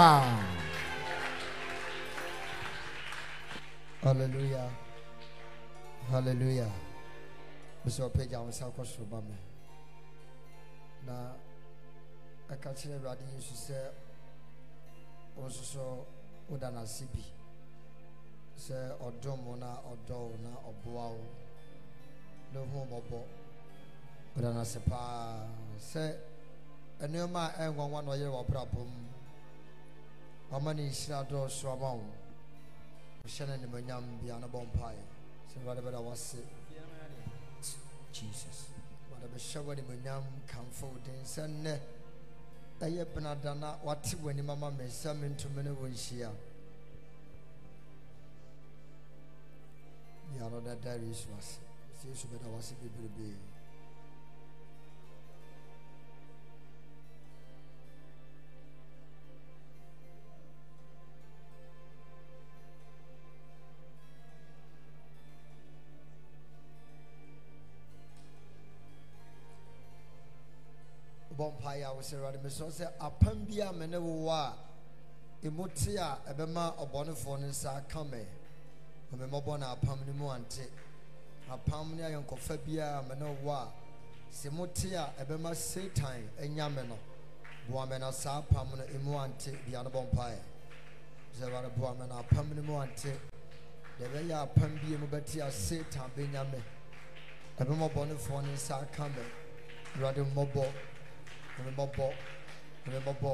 Wow. Hallelujah. Hallelujah. Mr. Page, I'm sorry for Bama. Now, I can see Radin used to say, also so Udana Sibi. Sɛ ɔdɔm wo na ɔdɔ wo na ɔboa wo na ohu udana sepa no ase paa sɛ nneɛma a ɛnwanwa na ɔyɛ wɔ Mama ni Sina Dor Swamau. Shannon Munyam Biana Bompai. Somebody better was it. Jesus. Whatever shower the Munyam come forward and send. Ɛyɛ benadana wate w'anim ama me sɛ mentumi ne wo nhyia yɛano dada yesu ase sɛ yesu bɛda wase bebrebe bɔ mpaeɛ a wosɛ awurade mesrɛ sɛ apam bi a me ne wowɔ a ɛmu te a ɛbɛma ɔbɔnefoɔ no nsa aka me ɔmemmɔbɔ no apam no mu ante apam ne ayɔnkɔfa biara me ne wowɔ a sɛ mote a ɛbɛma satan anya me no boa me na saa apam no ɛmu ante bia no bɔ mpaeɛ sɛ awurade boa me na apam no mu ante deɛ ɛbɛyɛ apam bie mu bɛte a satan bɛnya me ɛbɛma ɔbɔnefoɔ no nsa aka me awurade mmɔbɔ mebɔbɔ mebɔbɔ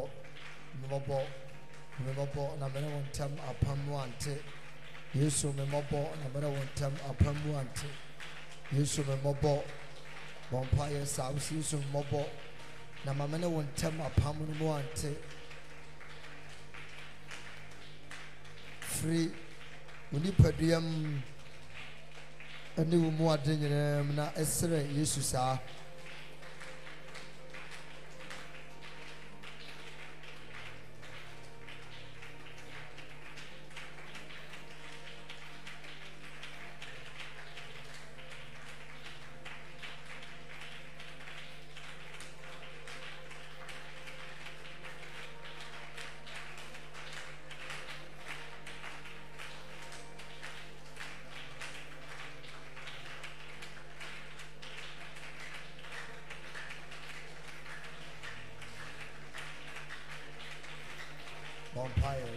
mebɔbɔ mebɔbɔ na mene wo ntam apam mu ante yesu mebɔbɔ na mene wo ntam apam mu ante yesu mebɔbɔ bɔmpa yɛ saa wosi yesu mebɔbɔ na ma mene wo ntam apam no mu ante firi onipadua mu ne wo mu ade nyinaa mu na ɛserɛ yesu saa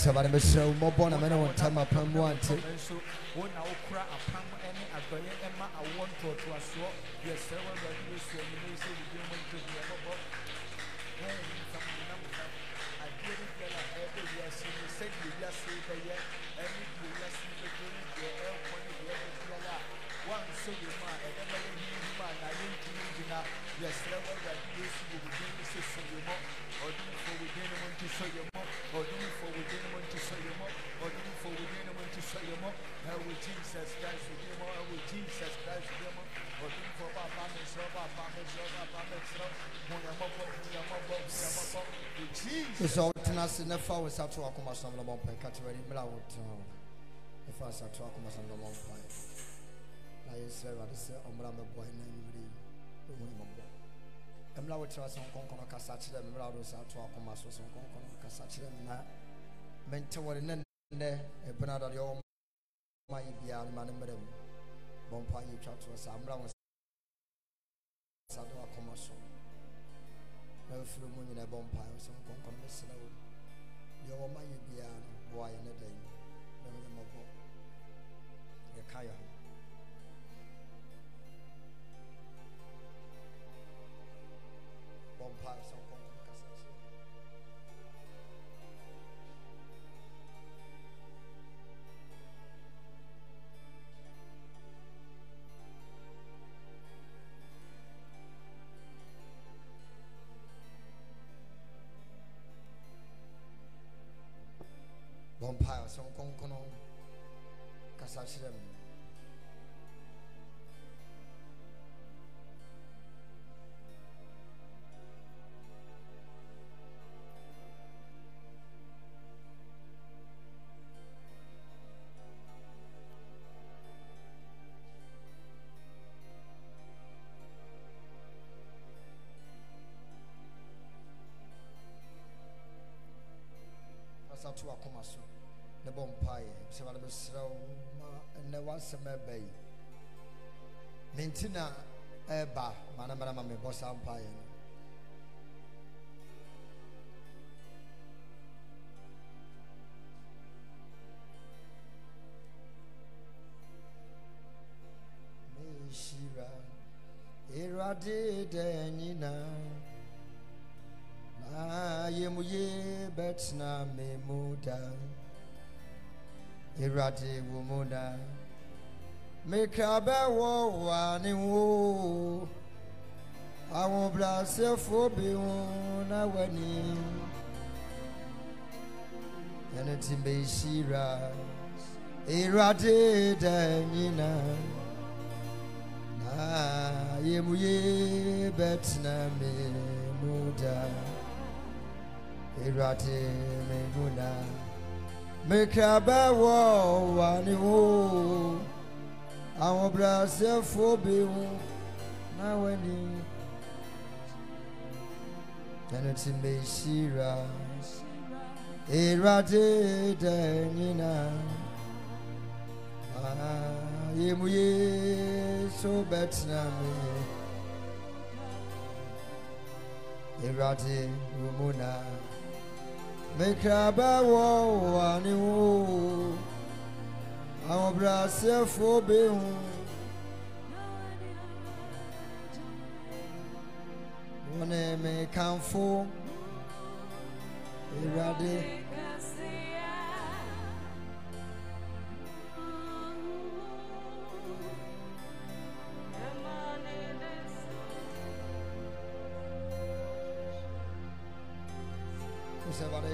sɛ awurade mɛsrɛ wo mmɔbɔ na mɛne wo ntam apam mu ante ase ne fa wo sa to akoma so na bɔmpa ka te wani mra wo to sa to akoma so na bɔmpa na ye sɛ wa sɛ ɔmra me bɔ na nyimri e wo mo bɔ mra wo tra so konkono ka sa kyerɛ me mra wo sa to akoma so so konkono ka sa kyerɛ me na me nte wo ne ne e bana da yo ma yi bia ma ne mra mu yi twa sa mra wo bɔ mpae sɛ nkronkron kasa kyerɛ me to akoma so ne bɔ mpaeɛ sɛ ma no bɛsrɛ wo ma ɛnɛ w'asɛm ɛba yi me nti na ɛba ma no mmara ma mebɔ saa mpaeɛ no mehyira denina na yemuye betna memuda. Ewurade wo mu da mekra bɛwɔ wane wo ahobrɛasefoɔ bi ho na w'ani ɛno nti mɛhyira Ewurade da nyinaa na yɛmuye bɛtena me mu da Ewurade me mu na mekra bɛwɔ wane wo ahobrɛaseɛfoɔ bi ho na w'ani ɛno nti mehyira ewurade da nyinaa yɛmu yesu bɛtena me ewurade wo mu mekrabawɔ wane wo ahobrɛaseɛfoɔ behu wɔne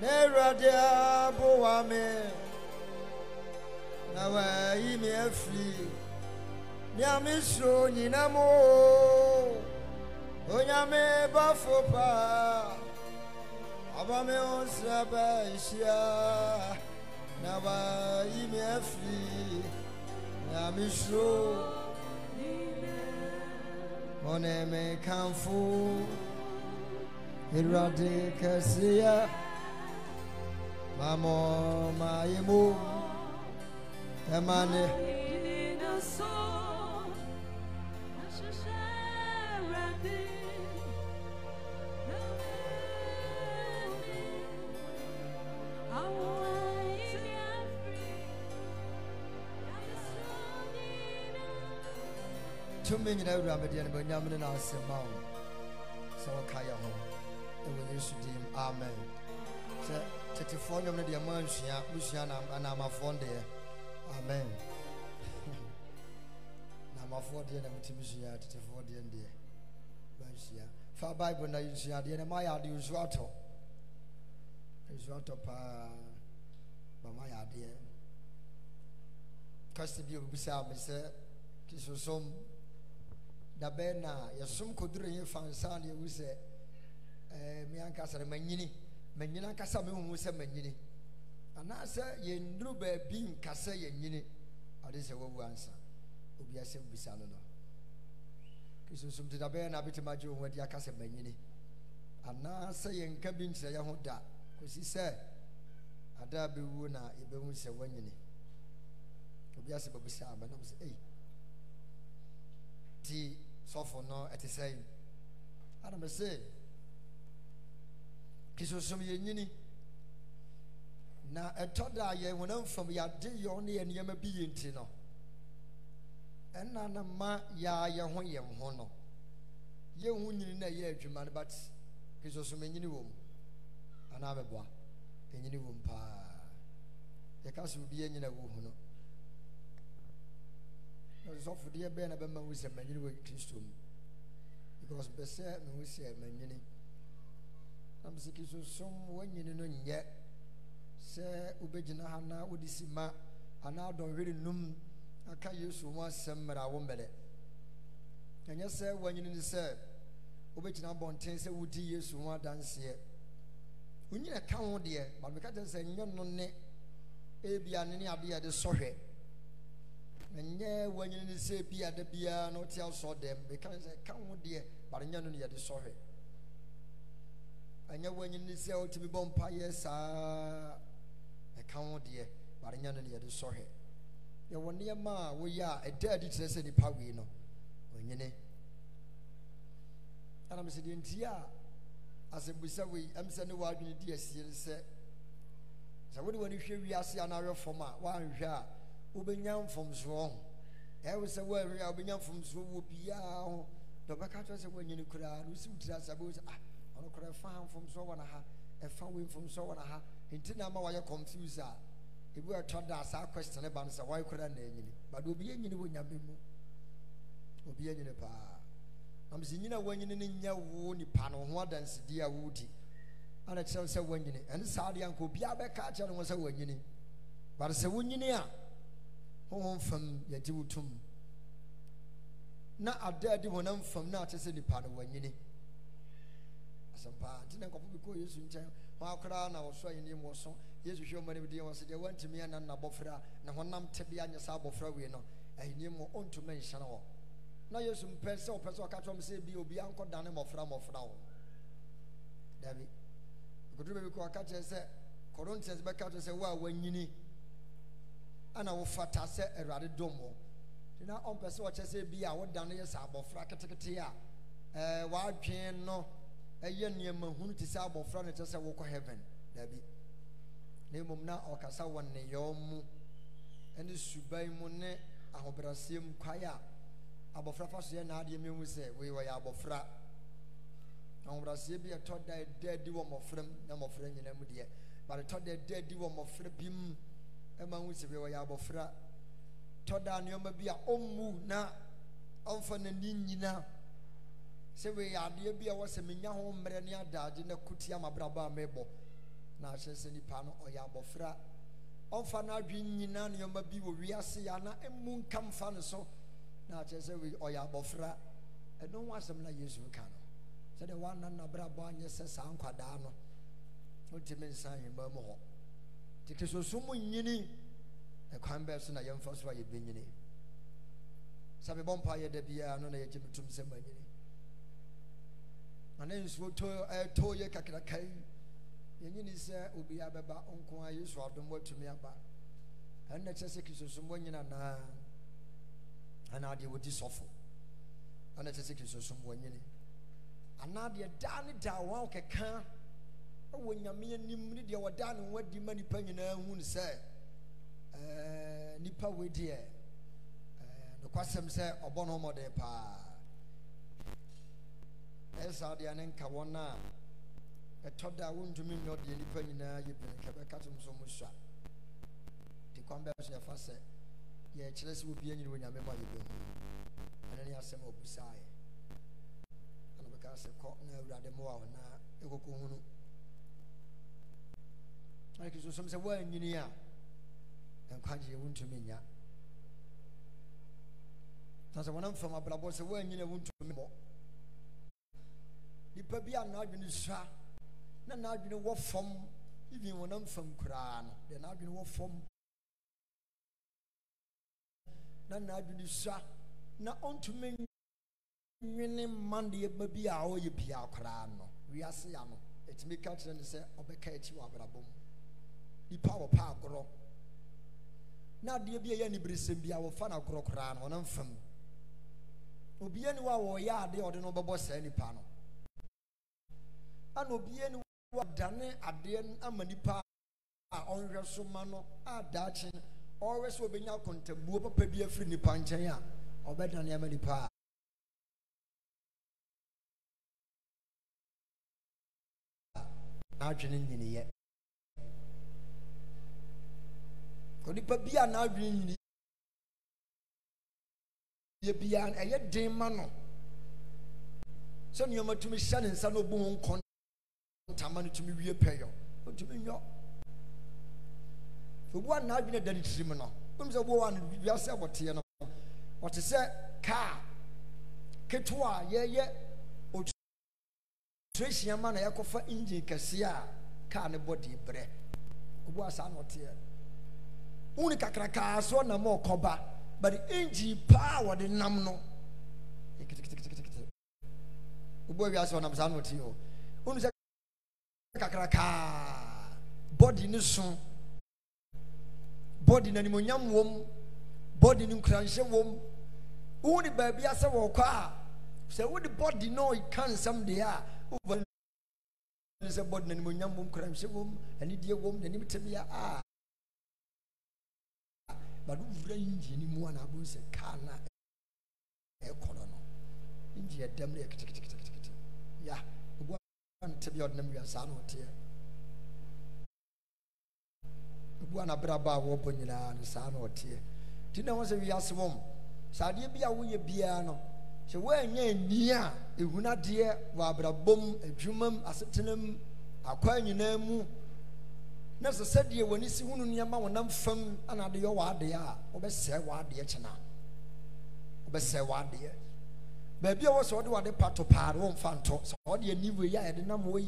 n'ewurade aboa me na wayi me afiri nyame suro nyinam o onyame bafopa, abame aba me ho nsra ba ahyia na wayi me afiri nyame suro ɔne me kamfo ewurade kɛseɛ Mamo maimu temane. tumi nyina awura mede animonyam ne naase ma wo sɛ wɔka yɛ amen tetefoɔ nnwom no deɛ ma nsua musua anamafoɔ deɛ amen namafoɔ deɛ uh, na mutumi sua tetefoɔ deɛ deɛ mansua fa bible na nsua deɛ na mayɛ ade nsu atɔ nsu atɔ paa ba mayɛ adeɛ kwasi bi obisa me sɛ kisosom da bɛɛ na yɛsom kɔduru yɛ fansa deɛ wu sɛ ɛɛ me ankasa no manyini manyini ankasa mehuhu sɛ manyini anaasɛ yɛnduru baabi nkasa yɛnyini ɔde sɛ wawu ansa obia sɛ bisa no no krisosum te dabɛyɛ na abɛtumi agye wo ho adi aka sɛ manyini anaasɛ yɛnka bi nkyerɛ yɛ ho da kɔsi sɛ ada bɛwuo na yɛbɛhu sɛ wanyini obi asɛ bɛbisa ama nam sɛ ei ti sɔfo no ɛte sɛn anam sɛ kisosom yɛnyini na ɛtɔ da a yɛ honam fam yɛade yɔ ne yɛ nneɛma bi yɛ nti no ɛna ne ma yɛa yɛ ho yɛn ho no yɛhu nyini na ɛyɛ adwuma no but kisosom ɛnyini wɔ mu anaa bɛboa ɛnyini wɔ mu paa yɛka sɛ obi ɛnyina wɔhu no sɔfodeɛ bɛɛ na bɛma wo sɛ manyini wɔ kristo mu because bɛsɛ mehu sɛ manyini na mesɛ kisunsom wɔnyini no nyɛ sɛ wobɛgyina ha na wode sima anaa dɔnhwere num aka yesu ho asɛm mmara wo mmɛdɛ ɛnyɛ sɛ wɔanyini ne sɛ wobɛgyina abɔnten sɛ wodi yesu ho adanseɛ wonyina ka ho deɛ but meka kyerɛ sɛ nyɛ no ne ebia ne ne adeɛ yɛde sɔhwɛ ɛnyɛ wɔanyini ne sɛ ebia da biara na wote asɔ dɛm meka sɛ ka ho deɛ but nyɛ no ne yɛde sɔhwɛ ɛnyɛ w'anyini ne sɛ wotumi bɔ mpayɛ saa ɛka ho deɛ bare nya no ne yɛde sɔhwɛ yɛwɔ nneɛma a woyɛ a ɛda adi kyerɛ sɛ nipa wei no onyini ɛnam sɛ deɛ nti a asɛmbusa wei ɛm sɛ ne w'adwene di asie ne sɛ sɛ wode w'ani hwɛ wiase anaawɛ fam a woanhwɛ a wobɛnya mfomsoɔ ho oh. ɛwo sɛ woahwɛ a wobɛnya mfomsoɔ wɔ biaa ho dɛ ɔbɛka sɛ woanyini koraa na wosi wotiri asɛ bɛwo sɛ ah nokorɛ ɛfa ha mfomsoɔ wɔ na ha ɛfa we mfomsoɔ wɔ na ha nti na ama wayɛ confuse a ebi ɛtɔ da saa question ba no sɛ wɔyɛ kora na anyini but obi anyini wɔ nyame mu obi anyini paa nam sɛ nyina wɔanyini no nyɛ wo nipa no ho adansedi a wodi ana kyerɛ sɛ wɔanyini ɛne saa deɛ anka obiaa bɛka kyerɛ no ho sɛ wɔanyini but sɛ wonyini a honhom fam yɛgye wo tom na ada adi honam fam na akyɛ sɛ nipa no wɔanyini asɛm paa nti na nkɔfo bi kɔɔ yesu nkyɛn wɔn akoraa na wɔso ayi ne mu so yesu hwɛ ɔma no deɛ wɔn sɛ deɛ wɔntumi anan na abɔfra na wɔnam te bi anyɛ saa abɔfra wei no ayi ne mu ɔntumi nhyɛn wɔ na yesu mpɛ sɛ ɔpɛ sɛ ɔka kyerɛ ɔmo sɛ bi obi ankɔ dane mmɔfra mmɔfra wɔ dabi nkoto baabi kɔ ɔka kyerɛ sɛ kɔrɔntiɛns bɛka kyerɛ sɛ wo a wɔanyini ana wofata sɛ awurade dom wo na ɔmpɛ sɛ ɔkyerɛ sɛ bi a wodane yɛ sɛ abɔfra ketekete a ɛɛ wɔadwene no ɛyɛ nneɛma hunu te sɛ abɔfra no kyɛ sɛ wokɔ heaven dabi na mmom na ɔkasa wɔ nneyɛɔ mu ne suban mu ne ahobrɛseɛ mu kwae a abɔfra fa so yɛ naadeɛ mehu sɛ wei wɔyɛ abɔfra ahobrɛseɛ bi ɛtɔ da ɛda adi wɔ mmɔfra mu na mmɔfra nyina mu deɛ bade tɔ da ɛda adi wɔ mmɔfra bi mu ɛma hu sɛ wei wɔyɛ abɔfra tɔ da nneɛma bi a ɔmmu na ɔmfa n'ani nyina sɛ wei adeɛ bi a ɛwɔ sɛ menya ho mmerɛ ne adagye na kuti amabrabɔ a mebɔ na ahyɛ sɛ nipa no ɔyɛ abɔfra ɔmfa no adwene nyinaa nneɔma bi wɔ wiase a na ɛmu nka mfa no so na akyɛ sɛ wei ɔyɛ abɔfra ɛno ho asɛm na yesu ka no sɛdeɛ woana nabrabɔ anyɛ sɛ saa nkwadaa no wontimi nsa ahwema mu hɔ nti kristosom nyini ɛkwan bɛɛ so na yɛmfa so a yɛbɛnyini sɛ mebɔ mpa yɛ da biara no na yɛgye metom sɛ manyini ane nsuo tɔ eh, yɛ kakraka yi yɛnyini sɛ obi abɛba nko a yesu adom watumi aba ɛno na kyerɛ sɛ kristosommɔ nyina naa anaa deɛ wɔdi sɔfo ɛna kyɛ sɛ kristosommɔ nyini anaa deɛ daa ne daa wɔn kɛka ɛwɔ nyame anim ne deɛ wɔdaa ne ho adi ma nipa nyinaa hu ne sɛ ɛɛ nipa wei deɛ ɛɛ nokwasɛm sɛ ɔbɔ ne ɔmɔden paa ɛsa adeɛ ne nka wɔn a ɛtɔ da a wɔntumi nyɛ ɔdeɛ nipa nyinaa yɛ bɛn kɛbɛka to nso mo sua te kwan bɛɛ so yɛfa sɛ yɛkyerɛ sɛ obi anyini onyame ma yɛbɛhu ɛno ne asɛm a ɔbusaa yɛ ɛna bɛka sɛ kɔ na awurade mmoa wo na ɛkɔkɔ hunu ɛna kristo som sɛ woanyini a nkwagyeɛ wontumi nya na sɛ wɔnamfam abrabɔ sɛ woanyini a wontumi mmɔ nipa bi a n'adwene sua na n'adwene wɔ fam even wɔn nam fam koraa no deɛ n'adwene wɔ fam na n'adwene sua na ɔntumi nwene mmandeɛ ba bi a ɔyɛ bia koraa no wiase ano etumi ka kyerɛ ne sɛ ɔbɛka akyi wɔ abrabɔ nipa wɔ pa agorɔ na adeɛ bi a ɛyɛ nibirisɛm bi a wɔfa n'agorɔ koraa no wɔn nam fam obiara ni wa wɔyɛ adeɛ a ɔde no bɛbɔ saa nipa no ana obi ani wa dane adeɛ no ama nipa a ɔnhwɛ so ma no a daakye ɔrehwɛ sɛ obɛnya akontabuo papa bi afiri nipa nkyɛn a ɔbɛdane ama nipa a n'adwene nyiniyɛ onipa bi a n'adwene nyini yɛ biara ɛyɛ den ma no sɛ nneɛma tumi hyɛ ne nsa na obu ho nkɔn ntama no tumi wie pɛyɔ ɔtumi nyɔ obuwa na adwene da ne tiri mu no wɔn sɛ obuwa no wiase abɔteɛ no wɔte sɛ kaa ketewa a yɛyɛ oturehyia ma na yɛkɔfa engine kɛseɛ a kaa ne bɔ de brɛ obuwa saa na ɔteɛ wɔn kakraka soɔ nam ɔkɔba but engine paa wɔde nam no ekitikitikitikiti obuwa wiase ɔnam saa na ɔteɛ o wɔn sɛ. Kakraka, bɔdi ne so bɔdi n'animonyam wɔm bɔdi ne nkuranhyɛ wɔm wohu ni baabi asɛ wɔkɔ a sɛ wode bɔdi na ɔka nsɛm deɛ a ni sɛ bɔdi n'animonyam wɔm nkuranhyɛ wɔm anidie wɔm n'anim tebea a bade wowura yingyini mu a naabom sɛ kaa na ɛkɔlɔ no yingyɛ dɛm no yɛ keteketeketekete ya yeah nte bi ɔdenam wia saa na ɔteɛ ebu anabraba a wɔbɔ nyinaa no saa na ɔteɛ ti na wɔn sɛ wiase wɔm saa adeɛ bi a woyɛ biara no sɛ wɔanyɛ ani a ehun adeɛ wɔ abrabom adwumam asetenam akwa nyinaa mu na sɛ sɛdeɛ wɔn ani si hunu nneɛma wɔnam fam ɛna adeɛ wɔ adeɛ a wɔbɛsɛe wɔ adeɛ kyena wɔbɛsɛe wɔ adeɛ baabi a wɔ sɛ ɔde wade pato paa no wɔmfa ntɔ sɛ ɔde ani wei a yɛde nam wɔ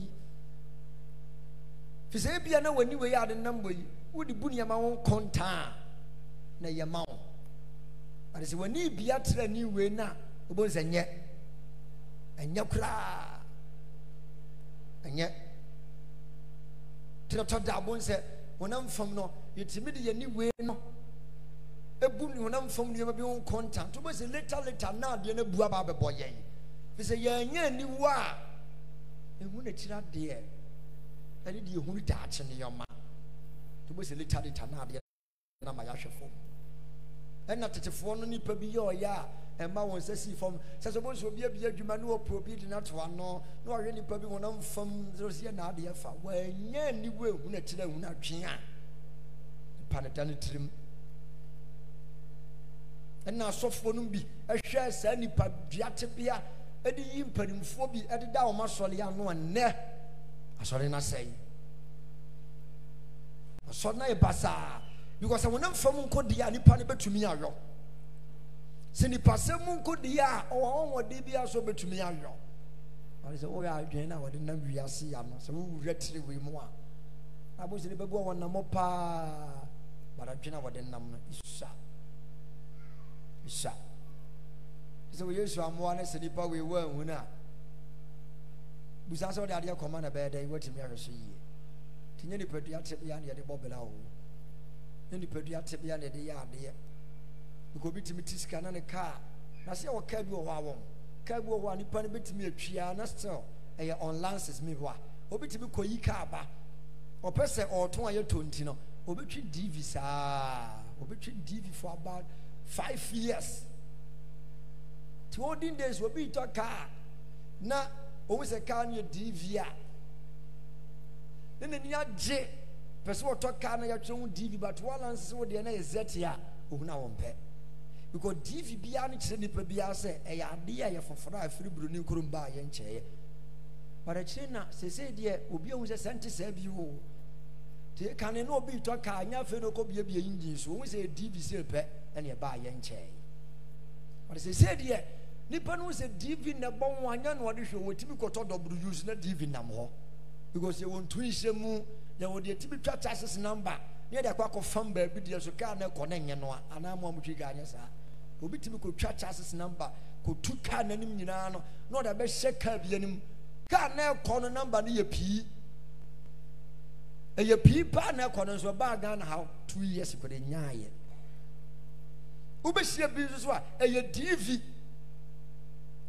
fi sɛ ebia na w'ani wei a yɛde nam wɔ yi wode bu nneɛma wo nkɔ ntaa na yɛ ma wo ade sɛ w'ani bia trɛ ni wei no a wobɛhu sɛ nyɛ ɛnyɛ koraa ɛnyɛ trɛtɔ da abon sɛ honam fam no yɛtumi de yɛni wei no ebu ni honam fam nneɛma bi ho nkɔnta nti wɔn sɛ later later na adeɛ no bu aba abɛbɔ yɛn fisɛ yɛnyɛ aniwa a ehu n'akyiri adeɛ ɛne deɛ ehu daakye nneɛma nti wɔn sɛ later later na adeɛ na ma yɛahwɛ fam ɛna tetefoɔ no nipa bi yɛ ɔyɛ e a ɛma wɔn nsa si fam sɛ sɛ bɔnso obi abie adwuma ne wɔpuro bi de n'ato ano na wɔahwɛ nipa bi wɔn fam sɛ yɛ n'adeɛ fa wɔanyɛ niwa. ehu n'akyiri ehu n'atwe a nipa ne da ne tirim ɛna asɔfoɔ no bi ɛhwɛ saa nipa dua tebea ɛde yi mpanimfoɔ bi ɛde da wɔn asɔre ano ɛnɛ asɔre na sɛɛ asɔre na yɛ basaa because wɔn nam fam nkɔdeɛ a nipa no bɛtumi ayɔ sɛ nipa sɛ mu nkɔdeɛ a ɔwɔ ɔwɔde bi asɔ bɛtumi ayɔ wɔn sɛ wɔyɛ adwene na wɔde nam wiase yam sɛ wɔwura tiri wɔ mu a abosire bɛbu a wɔn nam paa baradwene a wɔde nam no isa hyɛ sɛ wo yesu amoa ne sɛ nipa wei wɔ ahu no a busa sɛ wode adeɛ kɔma na bɛyɛ dɛn woatumi ahwɛ so yie nti nyɛ nipadua tebea ne yɛde bɔbela wo ne nipadua tebea ne yɛde yɛ adeɛ bikɔ obi tumi ti sika na ne kaa na sɛ yɛwɔ kaa bi wɔ hɔ a wɔn kaa bi wɔ hɔ a nipa no bɛtumi atwia na still ɛyɛ ɔnlances mi hɔ a obi tumi kɔyi kaa ba ɔpɛ sɛ ɔɔtɔn a yɛtɔ nti no obɛtwi dv saa obɛtwi dv for about five years ti olden days obi tɔ kaa na ohun sɛ kaa no yɛ dv a ne n'ani agye pɛ sɛ wɔtɔ kaa na yɛtwerɛ ho dv but wɔalansese wo deɛ na yɛ zɛte a ohun a wɔn pɛ because dv biara no kyerɛ nipa biara sɛ ɛyɛ adeɛ a yɛ foforɔ a afiri buroni kurom baa yɛ nkyɛɛ but akyire na sese deɛ obi ohun sɛ sɛnte sɛɛ bi wo te kane na obi tɔ kaa nyɛ afei na okɔ biebie engine so ohun sɛ dv sɛ pɛ ɛne ɛbaa yɛn nkyɛn ɔde sɛ sɛdeɛ nipa no sɛ dv na ɛbɔ ho anya na ɔde hwɛ wɔtumi kɔtɔ w na dv nam hɔ because yɛ wɔntu nhyɛ mu na wɔde atumi twa taxes number ne yɛde akɔ akɔfam baabi deɛ so kaa na ɛkɔ ne nyɛ no a anaa mo a motwi kaa nyɛ saa obi tumi kɔtwa taxes number kɔtu kaa n'anim nyinaa no na ɔde abɛhyɛ kaa bi anim kaa na ɛkɔ no number no yɛ pii ɛyɛ pii paa na ɛkɔ no nso ɛbaa ghana ha two years kɔde nyaayɛ wobɛhyia bi nso so a ɛyɛ dv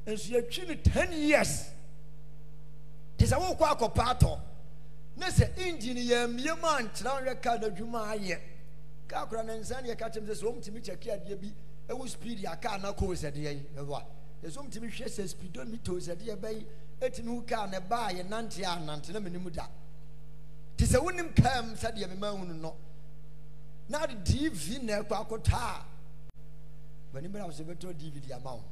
nso yɛtwi no 10 years te sɛ wokɔ akɔpa atɔ ne sɛ engine yɛmmie mu ankyerɛ nhwɛ kaa n'adwuma ayɛ kaa kora ne nsa ne yɛka kyɛm sɛ sɛ wɔmtumi kyɛke adeɛ bi ɛwɔ speed a kaa na kɔɔ sɛdeɛ yi ɛboa ɛsɛ wɔmtumi hwɛ sɛ speedometer sɛdeɛ bɛyi ɛtumi wo kaa ne baa yɛnante a nante na menim da te sɛ wonim kaa sɛdeɛ mema hunu no na dv na ɛkɔ akɔtɔ a w'ani bɛrɛ a wɔbɛtɔ dvd ama wo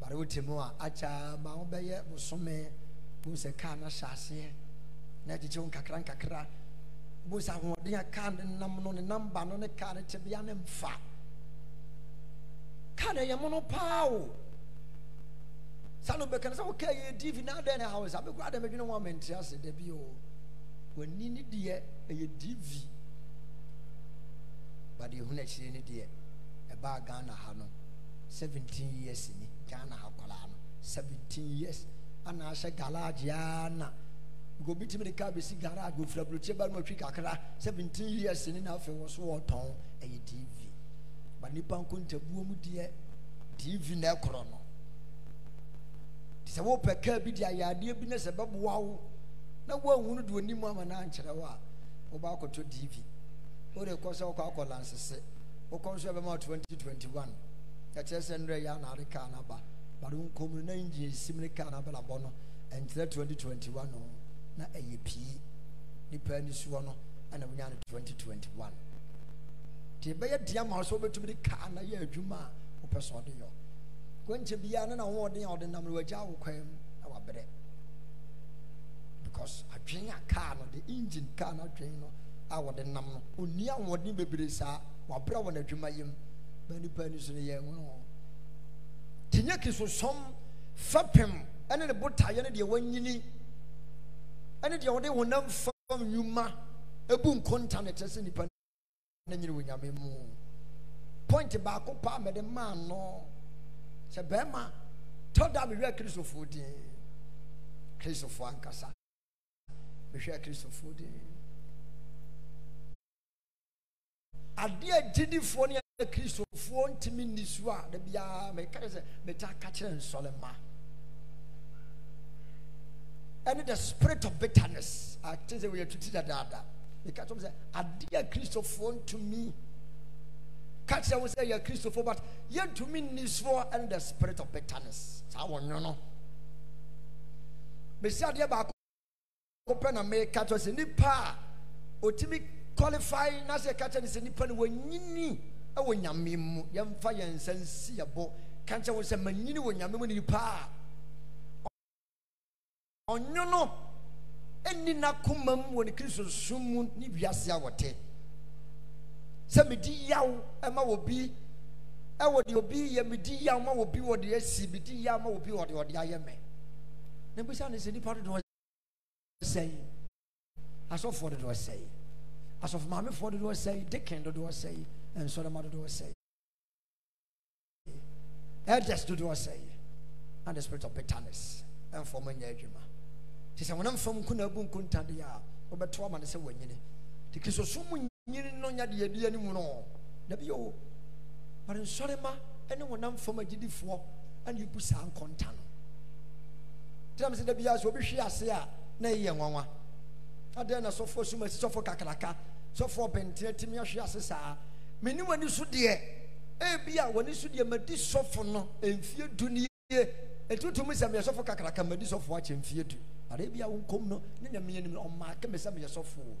bare wote mu a akyaa ma wobɛyɛ bosome bohu sɛ kar no hyɛ aseɛ na agyekye wo nkakra nkakra bohu ahoɔden a kar ne nam no ne namba no ne kar ne tebea ne mfa kar no ɛyɛ no paa o saa bɛka no sɛ wokaa yɛ dv na adɛn ne hawo saa bɛkura dɛm adwene ho amantia ase da bi o w'ani ne deɛ ɛyɛ dv bade ɛhu no akyire ne deɛ ɛbaa ghana ha no seventeen years ni ghana ha kɔlaa no seventeen years ana ahyɛ garage yaa na gobi tìmi de kaa besi garage ofura burokye ba no atwi kakra seventeen years ni na afei wɔso wɔtɔn ɛyɛ tv ba nipa nko ntabuo mu deɛ tv na ɛkorɔ no te sɛ wopɛ kaa bi de ayɛ adeɛ bi na sɛ bɛboa wo na woahunu de onim ama na ankyerɛ wo a wobɛakɔtɔ tv wode kɔ sɛ wokɔ akɔ lansese wokɔ nso ɛbɛma 2021 ɛkyerɛ sɛ nnerɛ yɛ anaade kaa no aba bade nkɔm no na engine sim ne kaa no abɛlabɔ no ɛnkyerɛ 2021 no na ɛyɛ pii nipa ani soɔ no ɛna wonya no 2021 nti ɛbɛyɛ dea ma sɛ wobɛtumi de kaa na yɛ adwuma a wopɛ sɛ ɔde yɔ kwankyɛ biara ne na hoɔden a ɔde nam no wagya wo kwan mu na wabrɛ because adwene a kaa no de engine kaa no adwene no a wɔde nam no ɔnni ahoɔden bebree saa wɔabrɛ wɔ n'adwuma yam na nipa ni so no yɛ wɔn wɔn tinyɛ kisosɔm fapem ɛne ne botaeɛ ne deɛ wɔanyini ɛne deɛ wɔde honam fam nnwuma ebu nkonta ne kyɛ sɛ nipa ne nyere wɔ nyame mu point baako paa mɛde maa no sɛ bɛrima tɔ da mehwɛ kristofoɔ din kristofoɔ ankasa mehwɛ kristofoɔ din adeɛ gyidifoɔ ne ɛyɛ kristofoɔ ntumi nni so a da biara mɛka sɛ mɛta aka kyerɛ nsɔle ma ɛne the spirit of bitterness ate sɛ wɔyɛ tuti dadaada mɛka sɛ adeɛ kristofoɔ ntumi ka kyerɛ wo sɛ yɛ kristofoɔ but yɛntumi nni soɔ ɛne the spirit of bitterness saa wɔnwo no mɛsi adeɛ baako pɛ na mɛka kyerɛ sɛ nnipa a ɔtumi qualify na sɛ ka kyerɛ ne sɛ nipa no wanyini ɛwɔ e nyame mu yɛmfa yɛn nsi yɛbɔ ka wo sɛ manyini wɔ nyame mu ne nipa a ɔnwo no ɛni n'akoma mu wɔ ne kristo som mu ne wiase a wɔte sɛ medi yaw ema wɔ bi ɛwɔ e deɛ obi yɛ medi yaw ma wɔ bi wɔ deɛ asi medi yaw ma wɔ bi wɔ deɛ ɔde ayɛ mɛ na bisa ne sɛ nipa dodoɔ sɛe asɔfoɔ dodoɔ sɛe asɔfo maamefoɔ dodoɔ sɛe dikin dodoɔ sɛe nsɔrema dodoɔ sɛe elders dodoɔ sɛe and the spirit of bitterness ɛmfɔ mo nyɛ adwuma nti sɛ wonam fam nko na abu nko ntadeɛ a wobɛto ama no sɛ wanyini nti kristosom mu nyini no nya deɛ adiɛ no mu no da bi yɛo bare nsɔrema ne wonam fam agyidifoɔ ɛne yɛbu saa nkɔnta no tinam sɛ da biaa sɛ wobɛhwe ase a na ɛyɛ nwanwa adɛn na sɔfoɔ sum asi sɔfoɔ kakraka sɔfoɔ bɛntere timi ahwe ase saa meni w'ani e, so deɛ ebi a w'ani so deɛ madi sɔfo no mfie du ni yie etutum sɛ meyɛ sɔfo kakraka madi sɔfo akyɛ mfie du ara ebi a nkɔm no ne na meyɛ nim ɔmaa kɛmɛ sɛ meyɛ sɔfo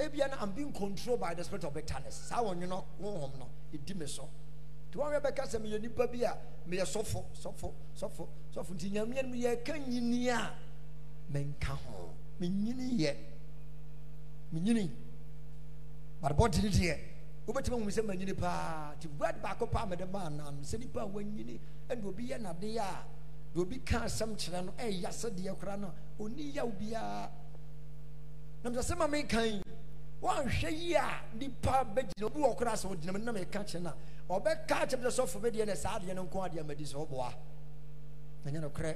ebi a na i'm being controlled by the spirit of bitterness saa wɔn nyono wɔn no edi mi so tí wọn bɛka sɛ meyɛ nipa bi a meyɛ sɔfo sɔfo sɔfo sɔfo nti nyamea no yɛ ka nyini a menka ho menyini yɛ menyini but bɔntene deɛ wobɛtumi ahu sɛ manyini paa nti word baako paa mede maa nam sɛ nipa a wanyini ɛne obi yɛ nadeɛ a deɛ obi ka asɛm kyerɛ no ɛyɛ sɛdeɛ koraa no ɔni yaw biara nam sɛ sɛma meka yi woanhwɛ yi a nipa bɛgyina obi wɔ koraa sɛ wogyinam nam ɛka kyerɛ no a ɔbɛka kyerɛ sɛ sɔfo bɛdeɛ ne saa adeɛ no nko adeɛ madi sɛ woboa ɛnyɛ nokorɛ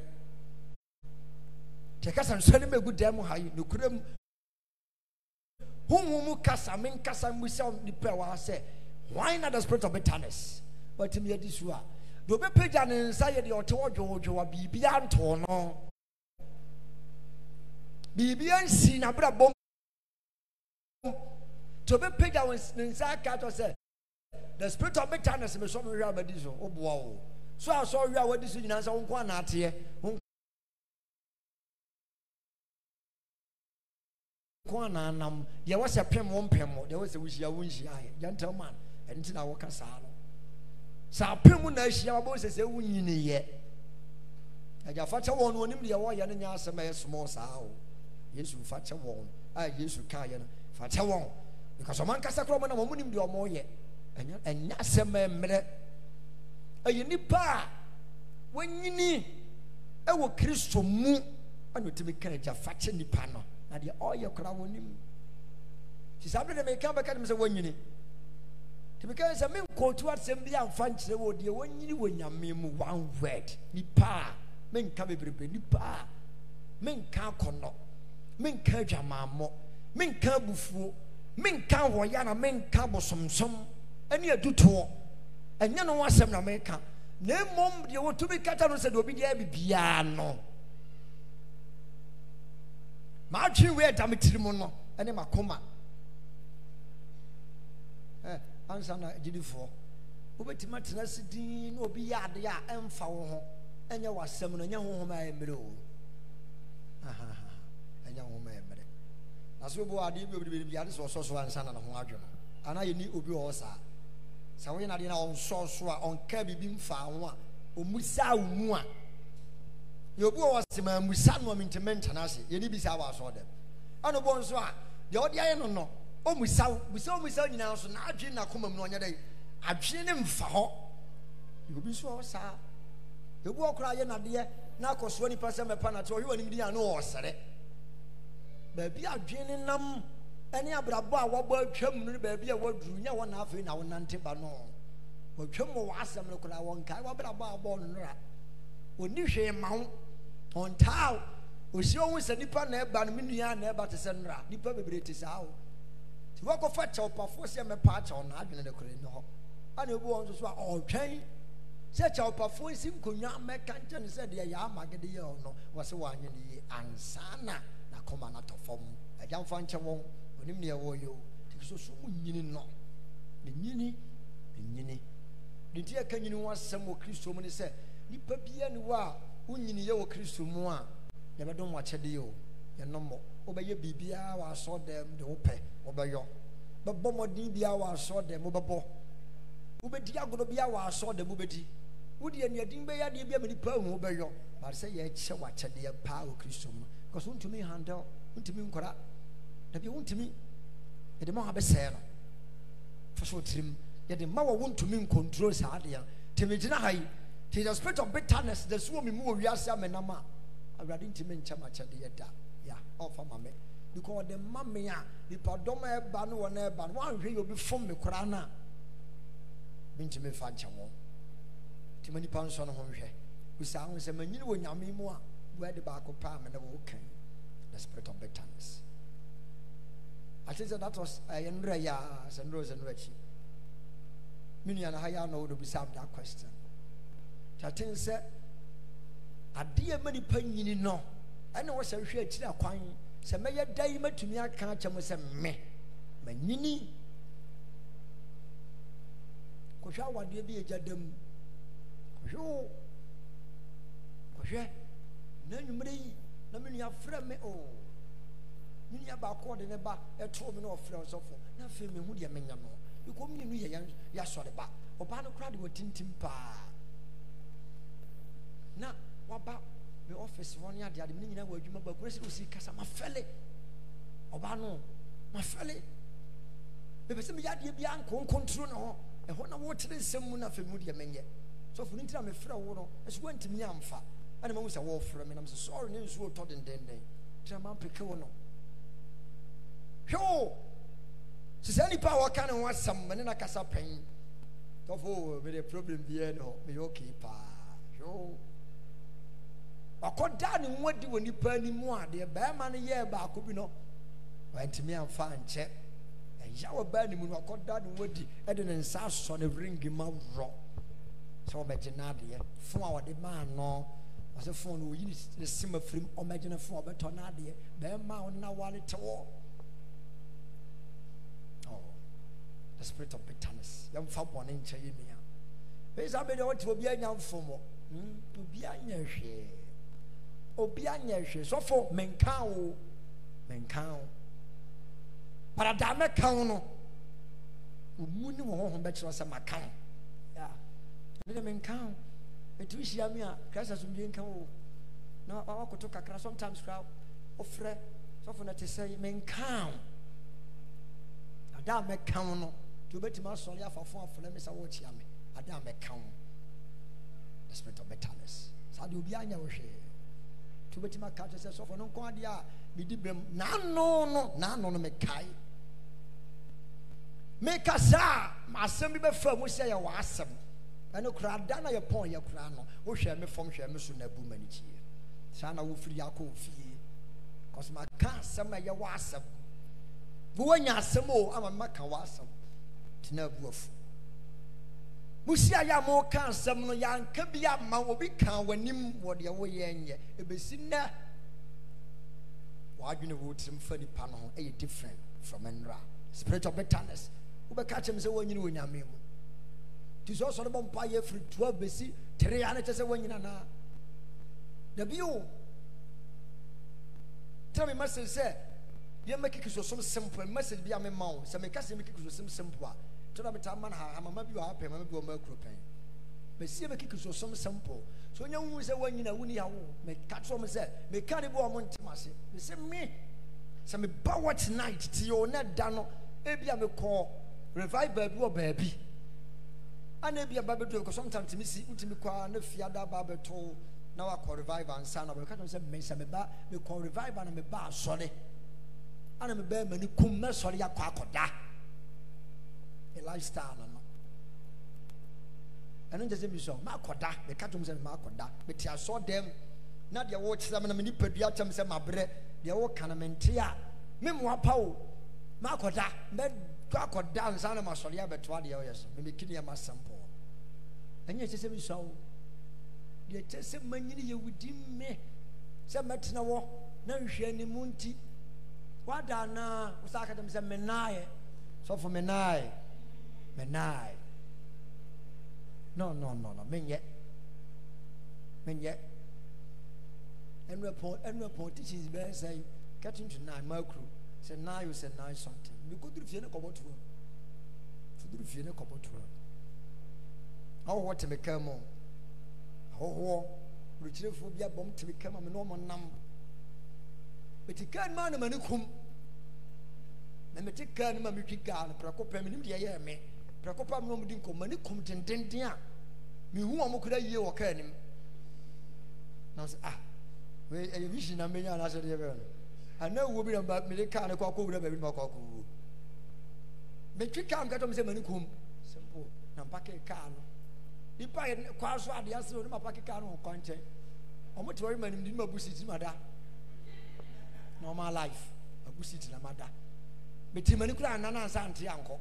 nti ɛka sɛ nsɔre mɛgu dan mu ha yi nokorɛ mu honhom kasa menkasa mmusa nipa wɔ ha sɛ why not the spirit of bitterness But watumi adi so a deɛ ɔbɛpagya ne nsa yɛ deɛ ɔte hɔ dwowodwowa biribia ntoo no biribia nsii n'abrabɔ mu deɛ ɔbɛpagya ne nsa aka tɔ sɛ the spirit of bitterness mesɔmewɛ abadi so woboa wo so asɔwe a wadi so nyinaa sɛ wo nko anaateɛ nko ana anam deɛ wɔsɛ pem wo mpem wo deɛ wɔsɛ wohyia wo nhyiaeɛ gentleman ɛno nti na woka saa no sɛ apem na ahyia wabɛwo sɛ sɛ wonyiniyɛ agyafa kyɛ wɔn no onim deɛ wɔyɛ no nyɛ asɛm ɛyɛ small saa o yesu fa kyɛ wɔn a yesu kaeɛ no fa kyɛ wɔn because ɔmo ankasa koraa ɔmo na ɔmo nim deɛ ɔmo yɛ ɛnyɛ ɛnyɛ asɛm ɛmmerɛ ɛyɛ nipa a wɔnyini ɛwɔ kristo mu ɛna otimi kan agyafa kyɛ nipa no na deɛ ɔyɛ kora wɔ nim nti saa berɛ deɛ meka bɛka dem sɛ wɔnyini nti meka sɛ menkɔɔtu asɛm bi amfa nkyerɛ wɔ deɛ wɔnyini wɔ nyame mu one word nipa a menka bebrebe nipa a menka akɔnnɔ menka adwamammɔ menka abufuo menka wɔya na menka bosomsom ɛne adutoɔ ɛnyɛ no ho asɛm na meka na mmom deɛ wɔtumi kata no sɛ deɛ obi deɛ bibiaa no maatwe wei ɛda me tiri mu no ɛne makoma ɛ eh, ansa na agyidifoɔ wobɛtumi atena ase din na obi yɛ adeɛ a ɛmfa wo ho ɛnyɛ w'asɛm no ɛnyɛ ma a ɛmmerɛ o ɛnyɛ honhom ma ɛmmerɛ na so wobɔ adeɛ bi obidibidi bi ade sɛ ɔsɔ so na ne ho adwe no anaa yɛni obi wɔ hɔ saa sɛ woyɛ no adeɛ no a ɔnsɔ so a ɔnka biribi a ɔmusaa wo mu a yɛ obi wɔ sɛ maa musa no ɔmi ntoma ntana ase yɛ bi sa ɛna nso a deɛ ɔde ayɛ no no ɔmusa wo musa ɔmusa nyinaa nso na n'akoma mu na ɔnyɛ dɛ adwene ne nfa hɔ yɛ nso wɔ saa yɛ obi n'adeɛ nipa sɛ mɛpa ɔyɛ wɔn nimdi ano baabi nam ɛne abrabɔ a wɔbɔ atwam no baabi a wɔduru na wɔnante ba no wɔtwam wɔ asɛm no koraa wɔn a wɔbɔ ɔntaa o osi ohun sɛ nipa na ɛba no mi nua na ɛba te sɛ nra nipa bebree te saa o ti wɔkɔfa kyɛw pafo sɛ mɛpa akyɛw na adwene ne kora ɛni hɔ ɛna ebi wɔn nso so a ɔtwɛn oh, sɛ kyɛw pafo si nkonnwa mɛka nkyɛn ne sɛ deɛ yɛ ama gidi yɛ ɔno wɔsi wɔn anyɛ ne yie ansa na n'akɔma n'atɔ fam ɛgyanfa nkyɛn wɔn onim ne ɛwɔ yɛ o ti so so mu nyini no ne nyini ne nyini ne ti yɛ ka nyini wɔn asɛm wɔ kristo mu ne sɛ nipa biya ne wɔ a wonyiniyɛ wɔ kristo mu a yɛbɛdom wakyɛde yi o yɛnom mo wobɛyɛ biribiara wɔ asɔ dɛm de wopɛ wobɛyɔ bɛbɔ mmɔden biara wɔ asɔ dɛm wobɛbɔ wobɛdi agorɔ biara wɔ asɔ dɛm wobɛdi wode anuaden bɛyɛ adeɛ Bia ama nipa ahu wobɛyɔ but sɛ yɛkyɛ wakyɛdeɛ paa wɔ kristo mu because wontumi handle wontumi nkɔra dabi wontumi yɛde ma wabɛsɛe no fa so tirim yɛde ma wɔ wontumi nkontrol saa adeɛ nti megyina ha yi the spirit of bitterness the swami mi mu wɔ wiase amena ma awurade ntumi nkyɛn ma kyɛn de yɛ da ya ɔfa ma mɛ because ɔde ma mi a nipa dɔm a ɛba no wɔn ɛba no wɔn ahwɛ yi obi fom mi koraa na bi ntumi fa nkyɛn wɔn ntumi nipa nso no ho nhwɛ kusa ahun sɛ manyini wɔ nyame mu a wɔde baako paa mɛ na wɔn kan the spirit of bitterness I said that was ɛyɛ nnura yɛ a sɛ nnura sɛ nnura akyi mi nua na ha yɛ a na wɔde bisa am that question. kyaten sɛ adeɛ ma nipa nyini no ɛne wɔsɛ hwɛ akyiri akwan sɛ mɛyɛ da yi matumi aka akyɛ mu sɛ me manyini kɔhwɛ awadeɛ bi agya da mu kɔhwɛ o kɔhwɛ na nwummerɛ yi na me nua frɛ me o me nua baako ɔde ne ba ɛtoo me na ɔfrɛ ɔsɔfo na afei mehu deɛ menya no ɛkɔm mmienu yɛ yɛasɔre ba ɔbaa no koraa de wɔ tintim paa na waba me office wɔn ne ade ade mi ne nyinaa wɔ adwuma baako ne sɛ osi kasa ma fɛle ɔbaa no ma fɛle bɛbɛ sɛ meyɛ adeɛ biara nkonkonturo ne hɔ ɛhɔ na wɔtere nsɛm mu na afei mu deɛ menyɛ sɔfo no ntira mefrɛ wo no ɛso woantumi amfa ɛne mahu sɛ wɔɔfrɛ me nam sɛ sɔre ne nsuo tɔ dendenden tira mampeke wo no hwɛ o sɛ a wɔka ne ho asɛm mene na kasa pɛn sɔfo de problem biara ne hɔ meyɛ okay paa hwɛ ɔkɔda ne ho adi wɔ nipa anim a deɛ bɛrima no yɛɛ baako bi no wantumi amfa nkyɛ ɛya wɔ baa ne mu no ɔkɔda ne ho adi ɛde ne nsa asɔ ne ringi ma worɔ sɛ wɔbɛgye n'adeɛ fon a wɔde maa no ɔsɛ fon no oyi ne sim afirim ɔmɛgye ne fon a ɔbɛtɔ n'adeɛ bɛrima a ɔna wale te wɔ the spirit of bitterness yɛmfa bɔne nkyɛ yɛ nua bɛyi saa bɛ deɛ wɔte obi anya mfom obi anya hwee obi anyɛ hwee sɔfo menka wo menka wo paradaa mɛka no ɔmu ne wɔ hɔho bɛkyerɛ sɛ maka wo ɛne menka wo ɛtumi hyia me a christ asomdwe nka wo na wakoto kakra sometimes kora wofrɛ sɔfo no te sɛ menka wo ada a mɛka wo no nti wobɛtumi asɔre afafo afrɛ me sɛ wokyia me ada a mɛka wo the spirit of bitterness saa deɛ obiaa nyɛ wo hwee nti wobɛtumi aka kyerɛ sɛ sɔfo no nkɔ adeɛ a medi berɛ naano no naano no mekae meka saa asɛm bi bɛfa mu sɛ yɛwɔ asɛm ɛno koraa da na yɛpɔn yɛ koraa no wohwɛ me fam hwɛ me so na abu ma no kyie saa na wofiri akɔ fie kɔso maka asɛm a yɛwɔ asɛm na woanya asɛm o ama maka wɔ asɛm tena abu afu Musia yɛ a moka asɛm no yɛanka bi ama obi ka w'anim wɔ deɛ woyɛ nyɛ ɛbɛsi nnɛ w'adwene wɔtirim fa nipa no ho ɛyɛ different from nnora spiritual of bitterness wobɛka kyɛm sɛ woanyini wɔ nyame mu nti sɛ ɔsɔre bɔ mpa yɛ firi toa bɛsi tere a ne kyɛ sɛ woanyini anaa dabio tena me message sɛ yɛmmɛkiki so som simple message bi a mema wo sɛ meka sɛ yɛmmɛkiki so som simple a kyerɛ bɛ taa man ha hamama bi wɔ apɛ mama bi wɔ mɛ kuro pɛn mɛ sie bɛ kiki so som simple so nyɛ hu sɛ wɔnyina wuni awo mɛ ka kyerɛ mo sɛ mɛ ka de bi wɔ mo ntɛm ase mɛ sɛ me sɛ me ba wɔ tonight ti o ne da no ebi a mɛ kɔ revive baabi wɔ baabi ana ebi a ba bɛ do ekɔ sometimes mi si ntumi kɔ a fia da ba bɛ to na wakɔ revive ansa na wɔka kyerɛ mo sɛ mɛ sɛ mɛ ba mɛ kɔ revive na mɛ ba asɔre ana mɛ bɛɛ mɛ ni kum mɛ sɔre akɔ akɔda me lifestyle no ɛno nkyɛ sɛ bisɔ maakɔda meka tom sɛ maakɔda mete asɔ dam na deɛ wokyerɛ m na me nipadua kyɛm sɛ mabrɛ deɛ woka no mente a memmoa pa o maakɔda mɛkɔ akɔda nsa na masɔre abɛtoa deɛ woyɛ so memeki neɛ masɛm pɔɔ ɛnyɛ kyɛ sɛ bisɔ o deɛ kyɛ sɛ manyini yɛwudi me sɛ mɛtena wɔ na nhwɛ ne mu nti woada anaa wo sa akadam sɛ menaeɛ sɔfo menaeɛ menai no no no no menyɛ menyɛ ɛnu ɛpɔn ɛnu ɛpɔn teachings bɛyɛ sɛ getting to nine makro sɛ nine sɛ nine something mi kuduru fie ne kɔbɔ tuo kuduru fie ne kɔbɔ tuo ahohoɔ tɛmɛ kɛn mu ahohoɔ rukyerɛfoɔ bi abɔm tɛmɛ kɛn mu amena wɔn nam bɛti kɛn mu anam ani kum na mɛti kɛn mu a mi twi gaa no prɛko nim deɛ yɛɛ mɛ prɛko pa mmerɛ mudi nkɔmmɔ ne kom dendenden a mehu ɔmo kora yie wɔ kaa anim na sɛ ah wei ɛyɛ eh, vision na menya anaasɛ deɛ bɛɛ no anaa wuo bi na ba mede kaa ne kɔ akɔwura baabi no makɔ akɔwuo metwi kaa mkatɔ m sɛ mane kom simple na mpake kaa no nipa yɛ kwa so adeɛ asɛ ne mapake kaa no wɔ kwan nkyɛn ɔmo te wɔre manimdi ne mabu siti mada na ɔma life mabu siti na mada mete mani kora anana ansa ante ankɔ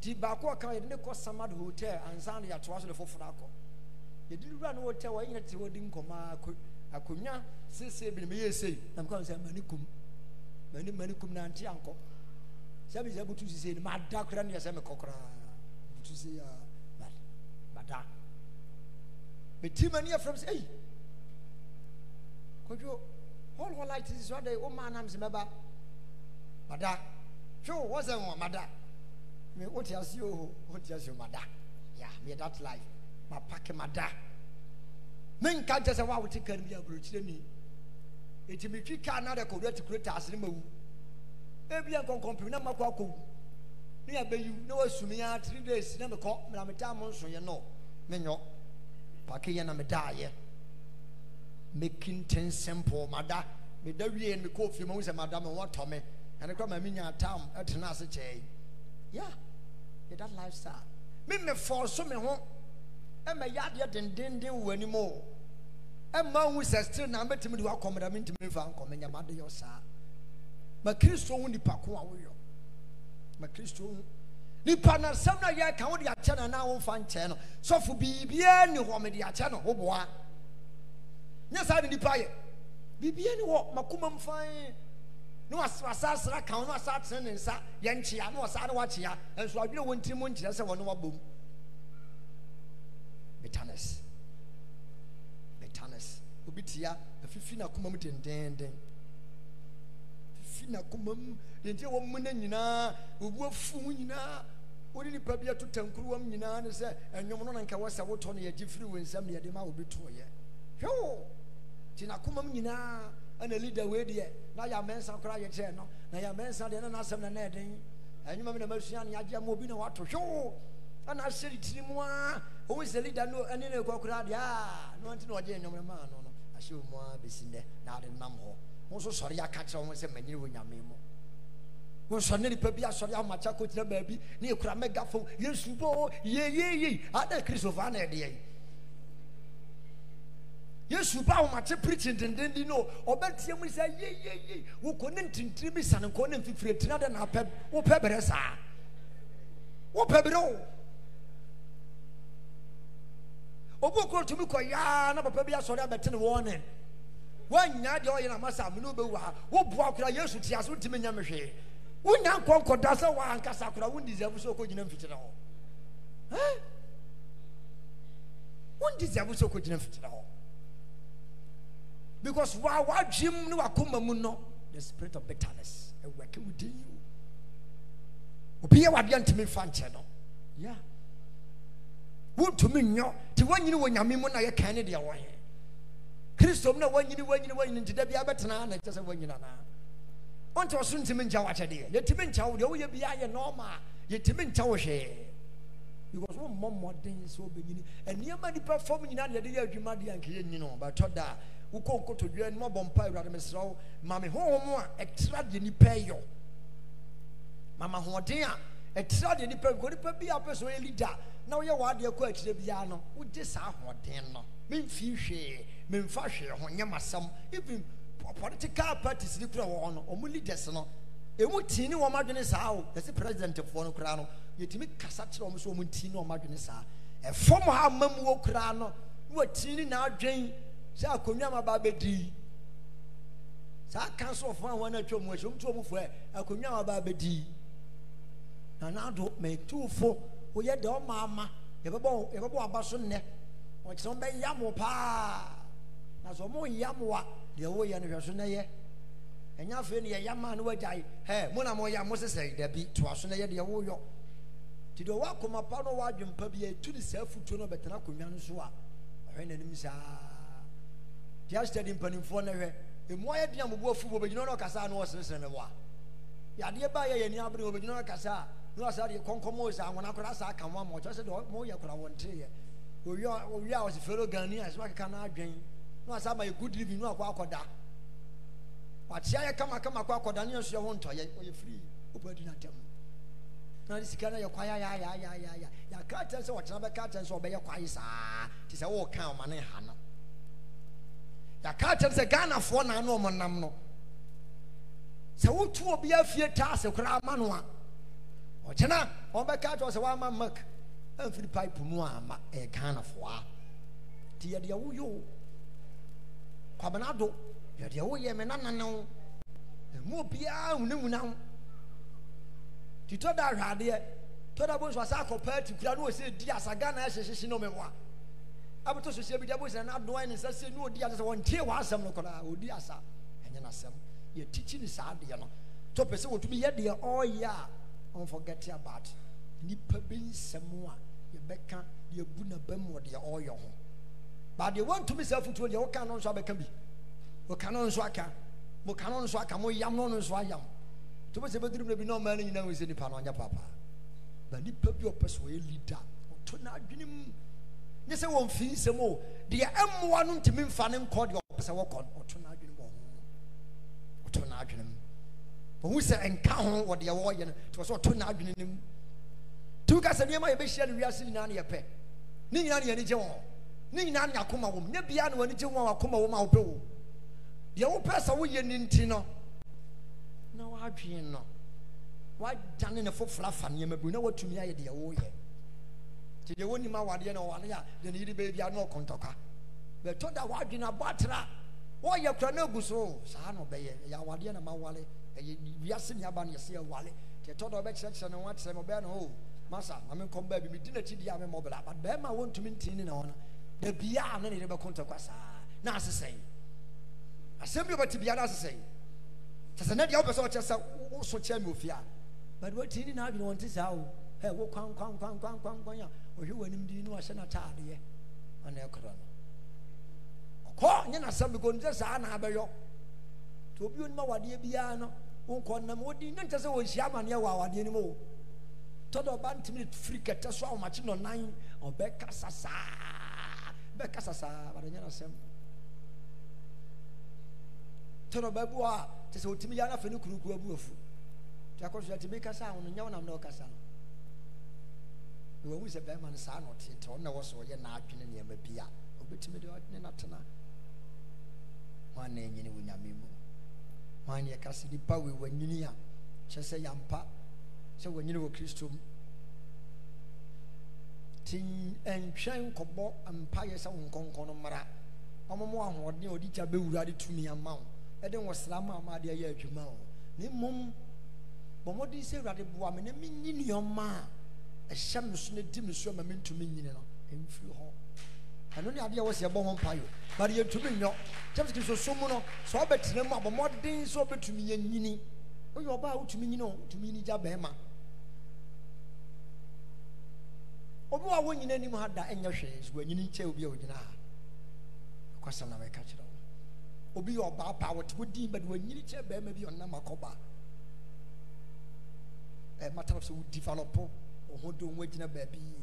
di baako ɔka yɛde ne kɔ samad hotel ansa no yɛatoa so ne foforɔ akɔ yɛde ne wura no hotel wɔyɛ nyina te hɔ di nkɔma akonnwa seesei bi ne meyɛ sei na mekɔ sɛ mani kum mani mani kum na nte ankɔ sɛ mesɛ butu sisei no mada kora ne yɛ sɛ mekɔ koraa butu sei a ah, mada meti mani afrɛ m sɛ ei kɔdwo hɔl hɔ light sisi so adɛ wo maa nam sɛ mɛba mada hwew hɔ sɛ wɔ mada me wote ase o wote ase mada yeah me that life ma pack mada me nka nkyɛ sɛ woawote kar bi aburokyerɛ ni ɛnti metwi kar na adakɔwura tikureta ase ne mawu ebia nkɔnkɔmpem na makɔ akɔwu ne yɛbɛyiw na wasumi a three days na mekɔ mena metaa mo nsoyɛ no menyɔ pake yɛ na medaayɛ meki ntensɛmpo mada meda wie no mekɔɔ fie mahu sɛ mada me wɔtɔ me ɛne kora ma menya atam ɛtena ase kyɛe yeah de that lifestyle me me force me ho e me ya de dendenden wo anim o e eh, ma hu sɛ still na metimi de wakɔm da mentimi mfa nkɔm nya ma de yɔ saa ma kristo hu nipa ko a woyɔ ma kristo hu nipa na sɛm na yɛ ka wo de akyɛ na na wo mfa nkyɛ no sɔfo biribiara ni hɔ me de akyɛ no wo boa nyɛ saa de nipa yɛ biribiara ni hɔ makoma mfan e na wasa asra ka ho wasa atene ne nsa yɛ nkyea na wasa ne wakyea nso adwene wɔn tirim nkyerɛ sɛ wɔn wabom bitterness bitterness obi tia afifi na kuma mu dendenden afifi na kuma mu dendenden wɔn mu na nyinaa obu afu nyinaa wɔde nipa bi ato tankuruwa mu nyinaa ne sɛ ɛnwom no na nka wɔsɛ wotɔ no yɛgye firi wɔn nsam yɛde ma obi toɔ yɛ hwɛ wo gyina kuma mu nyinaa ɛna leader wei deɛ na yɛ amɛnsa koraa yɛ kyerɛ no na yɛ amɛnsa deɛ na n'asɛm na n'ɛden ɛnwuma mi na masua ne yagye ama obi na wato hwoo ɛna ahyɛ ne tiri mu a ohun sɛ leader no ɛne ne kɔ koraa deɛ aa na wɔn ti na wɔgye ɛnyɔm no maa no no ahyɛ wɔn mu a besi nnɛ na ade nam hɔ wɔn nso sɔre aka kyerɛ wɔn sɛ manyere wɔ nyame mu wɔn sɔre ne nipa bi asɔre ahomakya kɔ gyina baabi ne ekura mɛgafon yɛ nsubɔ yɛ yɛ yɛ ada kristofo ana ɛdeɛ yi yesu ba wo mate preaching dendenden no ɔbɛteɛ mu sɛ yeyeye wokɔ ne ntintiri bi sane nkɔ ne mfifiri tina dɛ na apɛ wopɛ berɛ saa wopɛ berɛ o obi okoro tumi kɔ yaa na papa bi asɔre abɛte ne wɔne woanya deɛ ɔyɛ nama sa mene wobɛwu ha woboa kora yesu te ase wontumi nya me hwee wonya nkɔ nkɔda sɛ woankasa kora wondeserve sɛ wokɔgyina mfitina hɔ wondeserve sɛ wokɔgyina mfitina hɔ because wa wa dream ne wa koma mu no the spirit of bitterness e work within you obi ye wade antimi fa nche no yeah wontumi nnyo nti wanyini wɔ nyame mu na yɛkan ne deɛ wɔyɛ kristo mu na wanyini wanyini wanyini nti da bi abɛtena na kyɛ sɛ wanyini anaa ɔnte ɔso ntimi nkya wakyɛdeɛ yɛtimi nkya wo ye woyɛ biaa yɛ nɔɔma yɛtimi nkya wo hwee because wommɔ mmɔden sɛ wobɛnyini nneɛma nipa fam nyinaa deɛde yɛ adwuma deɛ ankɛyɛ nyini o bɛtɔ da wokɔ nkotodwe anim ɔbɔ mpa awurade mesrɛ wo ma me honhom a ɛtra deɛ nipa yɔ mama hoɔden a ɛtra deɛ nipa yɔ nipa bi a wopɛ sɛ ɔyɛ leader na woyɛ w'adeɛ kɔ akyirɛ biara no wogye saa hoɔden no memfii hwee memfa hwee ho nyɛ masɛm even political parties ni kura wɔn no ɔmo leaders no emu tii ni wɔn adwene saa o yɛsi president foɔ no kura no yɛtumi kasa kyerɛ wɔn so wɔn tii ni wɔn adwene saa ɛfɔm ha mamuwo kura no wɔn tii ni n'adwene sɛ akonnwa ma ba bɛdi saa kansorɔfo a wɔn atwa mu ahyia wɔn tuo foɛ akonnwa ma ba bɛdi na nado mɛtuufo woyɛ deɛ ɔma ama yɛbɛbɔ yɛbɛbɔ aba so nnɛ ɔkyerɛ wɔn bɛyam wɔ paa na sɛ wɔn yam wɔ a deɛ wɔyɛ no hwɛ so na yɛ ɛnyɛ afei no yɛyam a no wagya hɛ mo na mo yam mo sesɛ dabi toa so na yɛ deɛ wɔyɔ ti deɛ ɔwɔ akoma pa no ɔwɔ adwempa bi yɛ etu ne saa futuo no bɛtena akonnwa no so a ɔhwɛ n'anim saa. ti asitɛdi mpanimfoɔ ne hwɛ emu ayɛ di amubu afu wo bɛgyina ɔno kasa ano ɔsensɛn ne wa yadeɛ ba yɛ yɛ ni abiri wo bɛgyina ɔno kasa ne wa saa de kɔnkɔn o saa anwona koraa saa kan wa ma ɔkyɛ sɛ deɛ ɔmo yɛ koraa wɔn tiri yɛ owia owia ɔsi fero gani a ɛsɛ wakeka n'adwɛn ne wa saa ma yɛ good living ne wa kɔ akɔda wate ayɛ kamakama kɔ akɔda ne yɛ nso yɛ ho ntɔ yɛ ɔyɛ free o bɛ di na tɛm na de sika no yɛ kwa yayayayayaya yɛ aka atɛn sɛ ɔkyena bɛka atɛn sɛ ɔbɛyɛ kwa yi saa te sɛ wɔɔka ɔma ne ha no yàka kyerɛ sɛ ghanafoɔ na ano ɔmo nam no sɛ wotu obi afie taase koraa ama no a ɔkyena ɔbɛka kyerɛ sɛ wama mark amfiri pipe mu ama ɛyɛ ghanafoɔ a nti yɛdeɛ woyɛ o kwabena do yɛdeɛ woyɛ me nananew ɛmu obiara hunahuna ho nti tɔ da ahwɛ adeɛ tɔ da bo nso asa akɔpaa ti kura ne wɔ sɛ di asa ghana ɛhyehyehye no mɛmoa abɛtɔ sosia bi de abɔ sɛ n'adoa ne nsa se ne odi asa sɛ wɔntie w'asɛm no koraa odi asa ɛnyɛ n'asɛm yɛ tikyi ne saa adeɛ no tɔ pɛ sɛ wɔtumi yɛ deɛ ɔɔyɛ a ɔnfɔgɛte about nipa bi nsɛm a yɛbɛka yɛbu n'aba mu wɔ deɛ ɔɔyɛ ho baadeɛ wɔntumi sɛ afutuo deɛ wɔka no nso abɛka bi wɔka no nso aka wɔka no nso aka mo yam no nso ayam tɔ pɛ sɛ bɛduru mu na bi na ɔmaa no nyinaa wɔn sɛ nipa no ɔnyɛ papa ba nipa bi ɔpɛ sɛ ɔyɛ leader ɔtɔ n'adwene mu nye sɛ wɔn mfin nsɛm o deɛ ɛmoa no ntumi nfa ne nkɔ deɛ ɔpɛ sɛ wɔkɔ no ɔto n'adwene mu ɔho ɔto n'adwene mu ohun sɛ nka ho wɔ deɛ wɔyɛ no tɔ sɛ ɔto n'adwene ne mu tu ka sɛ nneɛma yɛ bɛhyia no wiase nyinaa ne yɛ pɛ ne nyinaa ne yɛ ne wɔn ne nyinaa ne akoma wɔm ne bia ne wɔn gye wɔn akoma wɔm a wɔpɛ wɔ deɛ wɔpɛ sɛ wɔyɛ ne nti no na wɔadwene no wɔadane ne foforɔ afa nneɛma bi na wɔatumi ayɛ deɛ wɔyɛ nti deɛ wɔnim awadeɛ na ɔware a deɛ ne yere bɛɛbia na ɔkɔntɔka bɛtɔ da wɔadwene abɔ atera wɔyɛ kura no agu so saa na ɔbɛyɛ ɛyɛ awadeɛ na mawale ɛyɛ wiase ne aba no yɛsɛ yɛwale nti ɛtɔ da ɔbɛkyerɛkyerɛ no ho akyerɛ m ɔbɛyɛ no o masa ma menkɔm baabi medi n'akyi di a memmɔ but bɛrima wɔntumi ntini ne na hɔ no da biaa na ne yere bɛkɔntɔka saa na asesɛe asɛm bi ɔbɛte biara asesɛe sɛ sɛ ne deɛ wopɛ sɛ ɔkyɛ sɛ woso kyɛ me ofie a but watini na adwene wɔnte saa o ɛ wo kwankwankwankwankwan a ɔhwɛ w'anim din na wahyɛ n'ataadeɛ ana ɛkorɔ no ɔkɔ nye n'asɛm bi ko sɛ saa na abɛyɔ nti obi onim awadeɛ biara no nkɔ nam odi ne nkyɛ sɛ wɔnhyia amaneɛ wɔ awadeɛ no mu o tɔdɔ ɔba ntumi firi kɛtɛ so a no nan ɔbɛkasa saa bɛkasa saa bade nye n'asɛm tɔdɔ ɔba a kyɛ sɛ otumi yɛ anafɛ ne kurukuru abu afu nti akɔsɔ yɛ ti bi kasa a nyɛ ɔnam na ɔkasa no wɔwu sɛ bɛrima no saa na ɔtete ɔno wɔ so ɔyɛ n'adwene nneɛma bi a obetumi de ɔne n'atena wɔn na ɛnyini wɔ nyame mu wɔn na yɛka sɛ nipa wɔ wɔnyini a kyɛ sɛ yampa sɛ wɔnyini wɔ kristo mu ti ntwɛn nkɔbɔ mpaeɛ sɛ wɔn nkɔnkɔn no mmara wɔn mu ahoɔden a ɔde gya bɛwura de tumi ama wo ɛde wɔn sra ama ama adeɛ yɛ adwuma wɔn ne mmom bɔn wɔde sɛ awurade boa me na mi nyi a. ɛhyɛ me so no di me so ma mentumi nyini no ɛmfiri hɔ ɛno ne adeɛ wɔ sɛ yɛbɔ ho mpaeɛ but yɛntumi nyɔ james kristo so mu no sɛ wobɛtena mu abɔ mmɔden sɛ wobɛtumi yɛnyini woyɛ ɔbaa wotumi nyini o wotumi nyini gya bɛrima obi wa wonyina anim ha da ɛnyɛ hwee so wanyini nkyɛ obi a ogyina ha ɛkɔsɛm na mɛka kyerɛ wo obi yɛ ɔbaa paa wɔte wodin bɛde wanyini kyɛ bɛrima bi ɔnam akɔbaa ɛmatara sɛ wodivalopo ɔhodo ho agyina baabi yie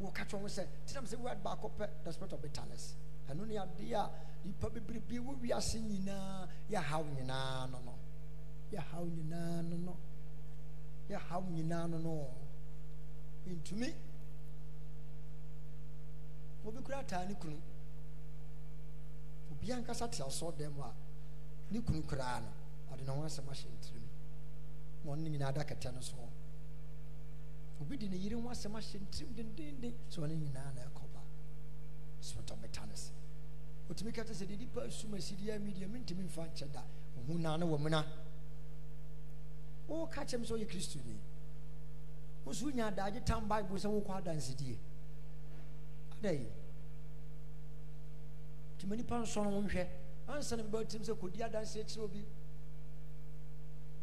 wɔka kyerɛ ho sɛ tinam sɛ word baako pɛ the spirit of bitterness ɛno ne adeɛ a nipa bebrebe wɔ wiase nyinaa how nyinaa no no how nyinaa no no how nyinaa no no ntumi obi kura ataa ne kunu obi ankasa te asɔɔ dɛm a ne kunu koraa no ɔde ne ho asɛm ahyɛ ntiri wɔn ne nyinaa da kɛtɛ no so obi de ne yere ho asɛm ahyɛ ntirim dendenden so wɔn nyinaa na ɛkɔ ba sotɔ bɛta ne se otumi kata sɛ de nipa asum asidi ami deɛ mentumi mfa nkyɛ da ohu naa ne wɔ mena wɔka kyɛm sɛ ɔyɛ kristoni wo so wonya adagye tam bible sɛ wokɔ adansedie adai nti ma nipa nsɔ no wo nhwɛ ansa na mebɛtim sɛ kɔdi adanseɛ kyerɛ obi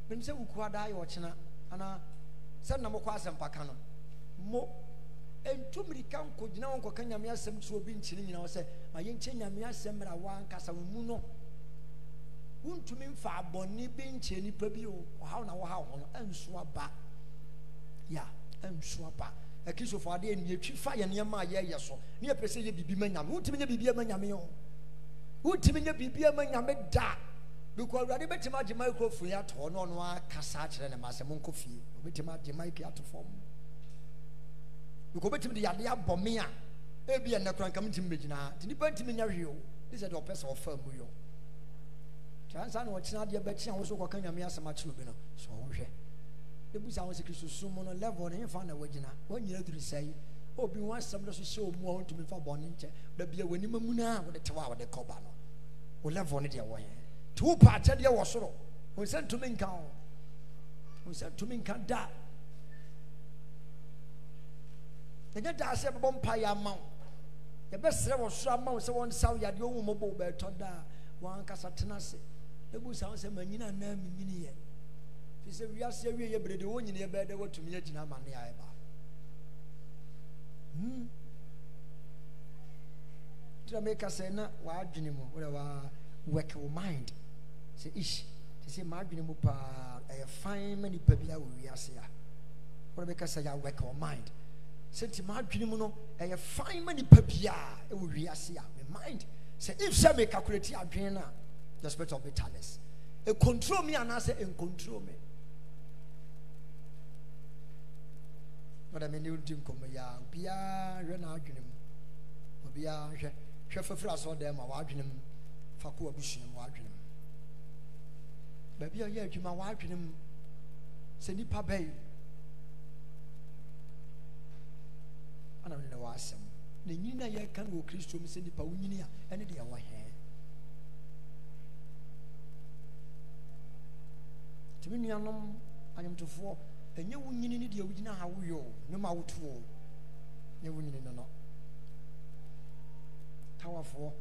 menim sɛ wokua daa yɛ ɔkyena anaa sɛ na mokɔ asɛmpa ka no mo ɛntu mmirika nkɔgyina wo nkɔka nyame asɛm so obi nkyene nyina wo sɛ ma yɛnkyɛ nyame asɛm mmerɛ woankasa wo mu no wontumi mfa abɔne bi nkyɛ nnipa bi o ɔhaw na wɔhaw ho no ɛnsoa ba ya ɛnsoa ba akristofoɔ adeɛ nni fa yɛ nneɛma a yɛyɛ so ne yɛpɛ sɛ yɛ biribi ma nyame wontumi nyɛ biribi ma nyame o wontumi nyɛ biribi ma nyame da because awurade bɛtumi agye microphone ato hɔ na ɔno akasa akyerɛ ne ma sɛ monkɔ fie obɛtumi agye mic ato fam because obɛtumi de yadeɛ abɔ me a ebi yɛ nnɛkora nka mentumi bɛgyina nti nnipa ntumi nyɛ hwee o ne sɛ deɛ ɔpɛ sɛ ɔfa mu yɔ nti ansa na wɔkyena adeɛ bɛkye a wo kɔka nyame asɛm akyerɛ obi no sɛ ɔnhwɛ ne busa wo sɛ sum mu no level ne mfa na wagyina wɔnyina duru sɛe obi ho asɛm no so hyɛ ɔ mu a wontumi mfa bɔne nkyɛ da bia w'anim amu a wode tew a wode kɔba no wo level no deɛ wɔyɛ nti wopa akyɛdeɛ wɔ soro hu sɛ ntumi nka ho hu sɛ ntumi nka da ɛnyɛ daa sɛ yɛbɛbɔ mpa yɛ ama wo yɛbɛsrɛ wɔ soro ama wo sɛ wɔnsa wo yadeɛ ɔwu mɔbɔ wo bɛɛtɔ daa wɔankasa tena ase ɛbu saa wo sɛ manyini anaa menyiniyɛ fi sɛ wiase awie yɛ berede wɔ nyini yɛbɛɛ dɛ woatumi to ama ne ayɛ baa tira meka sɛ na waadwene mu wodɛ waa work your mind sɛ ish te sɛ maadwene mu paa ɛyɛ fan ma nipa bi a wɔ wiase a wɔde bɛka sɛ yɛawɛka ɔ mind sɛ nti maadwene mu no ɛyɛ fan ma nipa bi ɛwɔ wiase a me mind sɛ if sɛ mekakorati adwene no a the spirit of bitterness ɛkontrol me anaasɛ ɛnkontrol me wɔde me ne wodi nkɔmmɔ yɛ a obiaa hwɛ n'adwene mu obiaa hwɛ hwɛ fafiri asɔɔdan mu a wɔadwene mu fa kɔ wabusua mu wɔadwene mu baabi a ɔyɛ adwuma wadwene mu sɛ nipa bɛyi ana ɔne na wasɛm na nyini na yɛka no wɔ kristo mu sɛ nipa wonyini a ɛne deɛ ɛwɔ hɛn tumi nuanom anyomtofoɔ ɛnyɛ wo nyini ne deɛ wogyina ha woyɛ o nnwoma wotoɔ nyɛ wo nyini no no tawafoɔ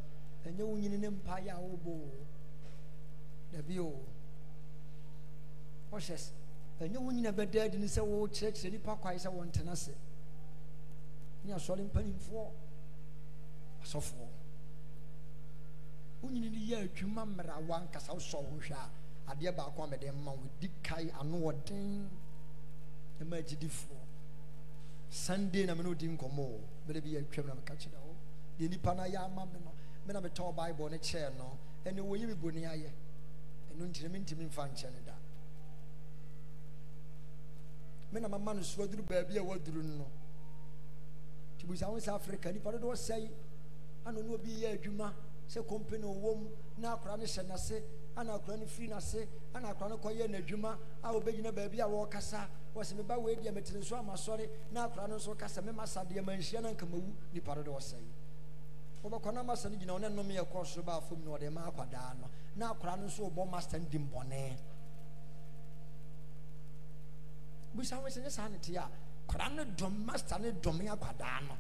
ɛnyɛ wo nyini ne mpaeɛ a wobɔ o dabi o wɔhyɛ se ɛnyɛ wo nyina bɛda adi ne sɛ wɔrekyerɛkyerɛ nnipa kwae sɛ wɔntena ase ne asɔre mpanimfoɔ asɔfoɔ wonyini no yɛ adwuma mmara wankasa wosɔ ho hwɛ a adeɛ baako a mede ma wo di kae ano wɔden ɛma agyidifoɔ sunday na mene wodi nkɔmmɔ o mene bi yɛatwam na meka kyerɛ wo deɛ nnipa no ayɛ ama me no mena metɔɔ bible no kyɛɛ no ɛne wɔyi me bɔne ayɛ ɛno nti ne mentimi mfa nkyɛ no da me na mama no so aduru baabi a waduru no nti busa wo sɛ afrika nipa dodoɔ sɛe ana ne obi yɛ adwuma sɛ kɔmpani ɔwɔ na akora no hyɛ n'ase ana akora no firi n'ase ana akora no kɔyɛ n'adwuma a wɔbɛgyina baabi a wɔrekasa wɔsɛ meba wei deɛ metene so amasɔre na akora no nso kasa mema sa deɛ manhyia no nkamawu nipa dodoɔ sɛe wobɛkɔ na masa no gyina wo ne nom yɛ kɔ soro baa fam no ma akwadaa no na akora no nso wɔbɔ masta no dimbɔnee busa wɔn sɛ nye saa ne te a kwadaa ne dɔm master ne dɔm ya kwadaa no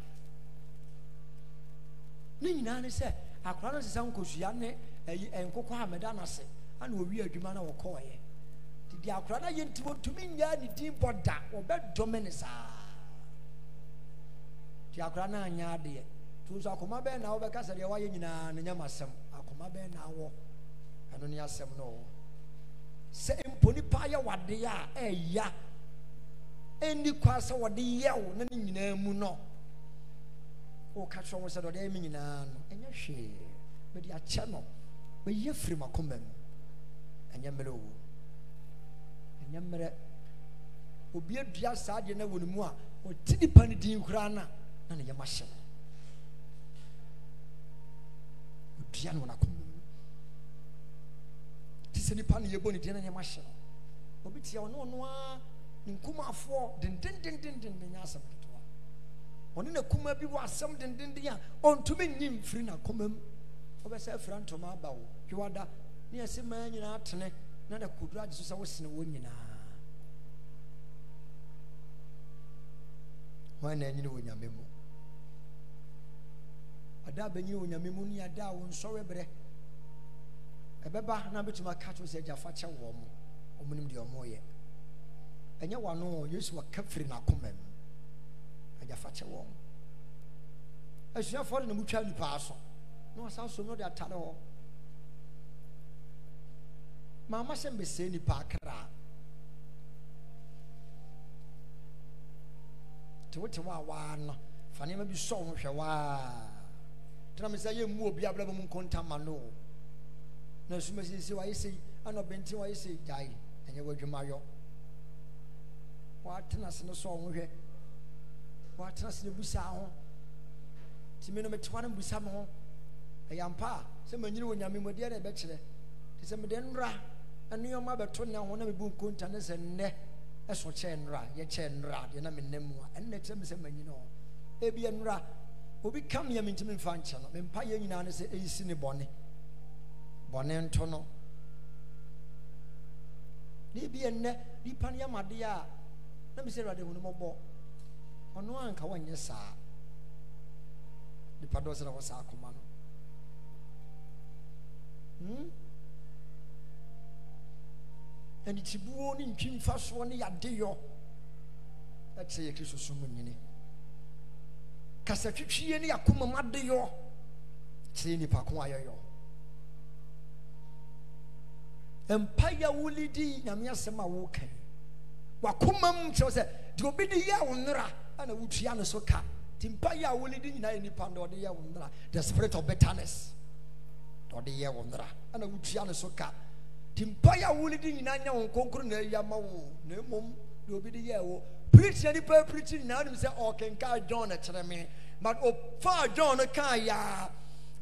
ne nyinaa ne sɛ akwadaa no sisa nkosua ne ɛyi nkokɔ ameda n'ase ana owi adwuma na wɔkɔɔyɛ didi akwadaa no ayɛ nti wɔntumi nyaa ne din bɔ da wɔbɛ dɔm ne saa di akwadaa no anya adeɛ tuuso akoma bɛn na wɔbɛka sɛ deɛ wɔayɛ nyinaa ne nyama sɛm akoma bɛn na awɔ ɛno ne asɛm na ɔwɔ sɛ mpo nipa ayɛ wadeɛ a ɛɛya. E ɛnni kwa sɛ wɔde yɛ wo na ne nyinaa mu no woka kyerɛ wo sɛ deɛ ɔde ɛmi nyinaa no ɛnyɛ hwee mede akyɛ no mɛyɛ firi makoma mu ɛnyɛ mmerɛ O ɛnyɛ mmerɛ obi adua saa deɛ no wɔ mu a ɔte nipa no din koraa no na ne yɛma hyɛ no ɔdua no nakoma mu te sɛ nipa no yɛbɔ ne din na ne yɛma hyɛ no obi tia ɔne ɔno ara nkumafoɔ dendendendenden bɛnya asɛm ketewa ɔne na kuma bi wɔ asɛm dendenden a ɔntumi nyi mfiri n'akoma mu ɔbɛsɛ afira ntoma aba wo dwewada ne yɛsɛ mmaa nyinaa tene na da koduro agye so sɛ wosene wɔn nyinaa wɔn na anyini wɔ nyame mu ada abɛnyini wɔ nyame mu ne ada a wɔnsɔre berɛ ɛbɛba na bɛtumi aka kyerɛ sɛ agyafa kyɛ wɔ mo ɔmo nim deɛ ɔmo yɛ ɛnyɛ wano yesu aka firi n'akoma mu agyafakyɛ wɔn asuafoɔ de na mutwa nipa aso na wɔsan so no de atare hɔ maama hyɛ mbɛsɛɛ nipa akra tewotewo wa waa no fa nneɛma bi sɔ ho hwɛ waa tena me sɛ yɛ mu obi abrɛ mu nkontama no na asuma siesie wayɛ sɛ ana ɔbɛnten wayɛ sɛ gyae ɛnyɛ w'adwumayɔ wɔatena ase no so ɔho hwɛ wɔatena ase no busa ho tìmí no mɛtena no busa mi ho ɛyɛ mpa a sɛ manyini wɔ nyame mu adeɛ na ɛbɛkyerɛ te sɛ mede nnora nneɛma na mebu nkonta ne sɛ nnɛ ɛsɔ kyɛɛ nnora yɛkyɛɛ nnora deɛ na mennɛ mu a ɛnnɛ kyerɛ me sɛ manyini hɔ ebi nnora obi ka mmea me ntumi mfa nkyɛ no mempa yɛ nyinaa ne sɛ ɛyisi ne bɔne na mesɛ awurade hu no mmɔbɔ ɔno anka wanyɛ saa nipa dɔ sɛ na wɔ saa akoma no hmm? ɛnikyibuo ne ntwimfasoɔ ne yadeyɔ ɛkyerɛ yɛ kristo so mu nyini kasatwitwie ne yɛakoma mu adeyɔ kyerɛ nipa ko ayɛyɔ mpayawo lidi nyame asɛm a wokan wakoma mu kyerɛw sɛ deɛ obi de yɛ wo nnera ana wotua no so ka nti mpa yɛ a wole de nyinaa yɛ nipa ɔde yɛ wo nnera the spirit of bitterness na ɔde yɛ wo nnera ana wotua no so ka nti mpa yɛ a wole de nyinaa nyɛ wo nkonkoro na ɛyɛ ama wo na mmom deɛ obi de yɛ wo preacher nipa preacher nyinaa nim sɛ oh, ɔkenka john ɛkyerɛ me but ɔfaa john no kaa yɛa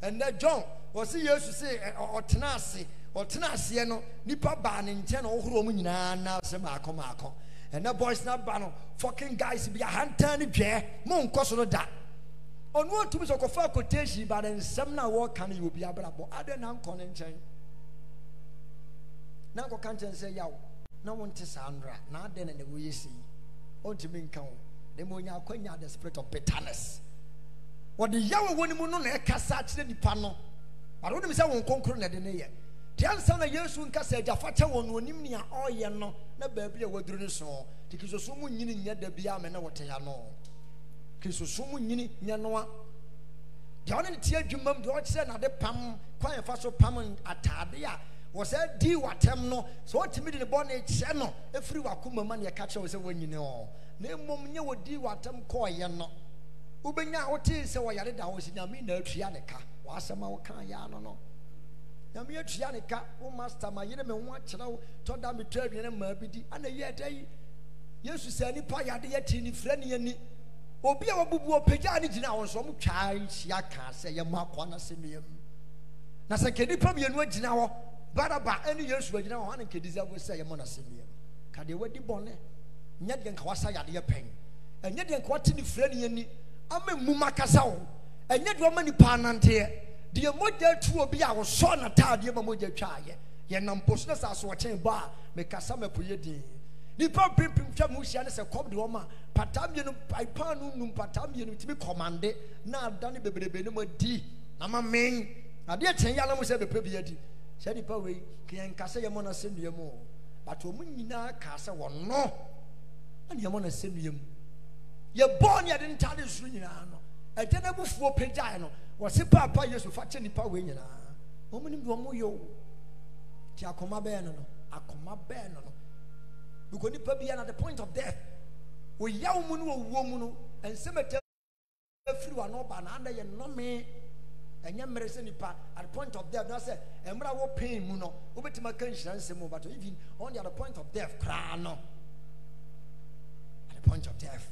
ɛnɛ john wɔsi yesu se ɔtena ase ɔtena aseɛ no nipa baa ne nkyɛn na ɔhoro mu nyinaa na asɛ maako maako ɛnɛ boys na ba no fucking guys bi ahantan ne dwɛ mo nkɔ so no da ɔno otumi sɛ ɔkɔfa quotation ba ne nsɛm na wɔka no yɛ obi abrabɔ adɛn na nkɔ ne nkyɛn na nkɔka nkyɛn sɛ yaw na wonte saa nnora na adɛn na ne wɔyɛ sei ɔntumi nka wo na ma onya akwanya the spirit of bitterness wɔde yaw a ɛwɔ ne mu no na ɛkasa akyerɛ nipa no bade wonim sɛ wo nkonkoro na ɛde ne yɛ deɛ ansa na yesu nkasa agyafakyɛ wɔ no onim nea ɔreyɛ no na baabi a waduru no so nti kristosom mu nyini nyɛ da biara mɛ na wɔte ya no kristosom nyini nyɛ noa deɛ ɔne ne te adwuma mu deɛ ɔkyerɛ n'ade pam kwan yɛfa so pam ataade a wɔsɛ di watɛm no sɛ ɔtumi de ne bɔ ne kyerɛ no ɛfiri wakoma ma ne yɛka kyerɛ wo sɛ wɔanyini ɔ na mmom nyɛ wɔdi watɛm kɔɔyɛ no wobɛnya a wotee sɛ wɔyare da hɔ sɛ nyame na atua ne ka wɔasɛm a wokaa yɛ ano no nyame atua ne ka wo master ma yere me ho akyerɛ wo tɔda me tɔ adwene maa bi di ana yɛ da yi yesu sɛ nipa yade yɛti ne frɛ ne yɛni obi a wabubu ɔpagyaa ne gyina wo nso ɔmo twaa nhyia kaa sɛ yɛma akɔ no sɛ meyam na sɛ nka nnipa mmienu agyina hɔ baraba ne yesu agyina hɔ ana nkɛdi sɛ wo sɛ yɛmɔ no sɛ meyam ka deɛ wadi bɔne nyɛ deɛ nka wasa yadeɛ pɛn ɛnyɛ deɛ nka wate ne frɛ ne yɛni ama mmuma kasa wo ɛnyɛ deɛ ɔma nipa ananteɛ deɛ mogya tu obi a wɔsɔ n'ataadeɛ ma mogya twa ayɛ yɛnam poso na sɛ asoɔkyen bɔ a mekasa mapo yɛ din nipa pimpim twa mu hyia ne sɛ kɔm de wɔm a pata mmienu pan no num pata mmienu tumi kɔmande na adane bebrebe no ma di na ma men adeɛ kyɛn yɛ anam sɛ bɛpɛ bi adi sɛ nipa wei yɛn nkasa yɛ mɔ na sɛ nnua mu but wɔn nyinaa kaa sɛ wɔn no na nea mɔ na sɛ nnua mu yɛ bɔɔ ne yɛde ntaade soro nyinaa no ɛdɛ na ebufuo pagyae no wɔsi paapa yesu fakyɛ nipa wei nyinaa wɔn nim deɛ wɔn yɛ o ti akoma bɛyɛ no no akoma bɛyɛ no no because nipa bi yɛ na the point of death wɔyaw mu no wɔwuo mu no nsɛm ɛtɛ efiri wa n'ɔba na ada yɛ nnɔmee ɛnyɛ mmerɛ sɛ nipa at the point of death na sɛ mmerɛ a wɔpɛn mu no wobɛtumi aka nhyira nsɛm mu but even on the at the point of death koraa no at the point of death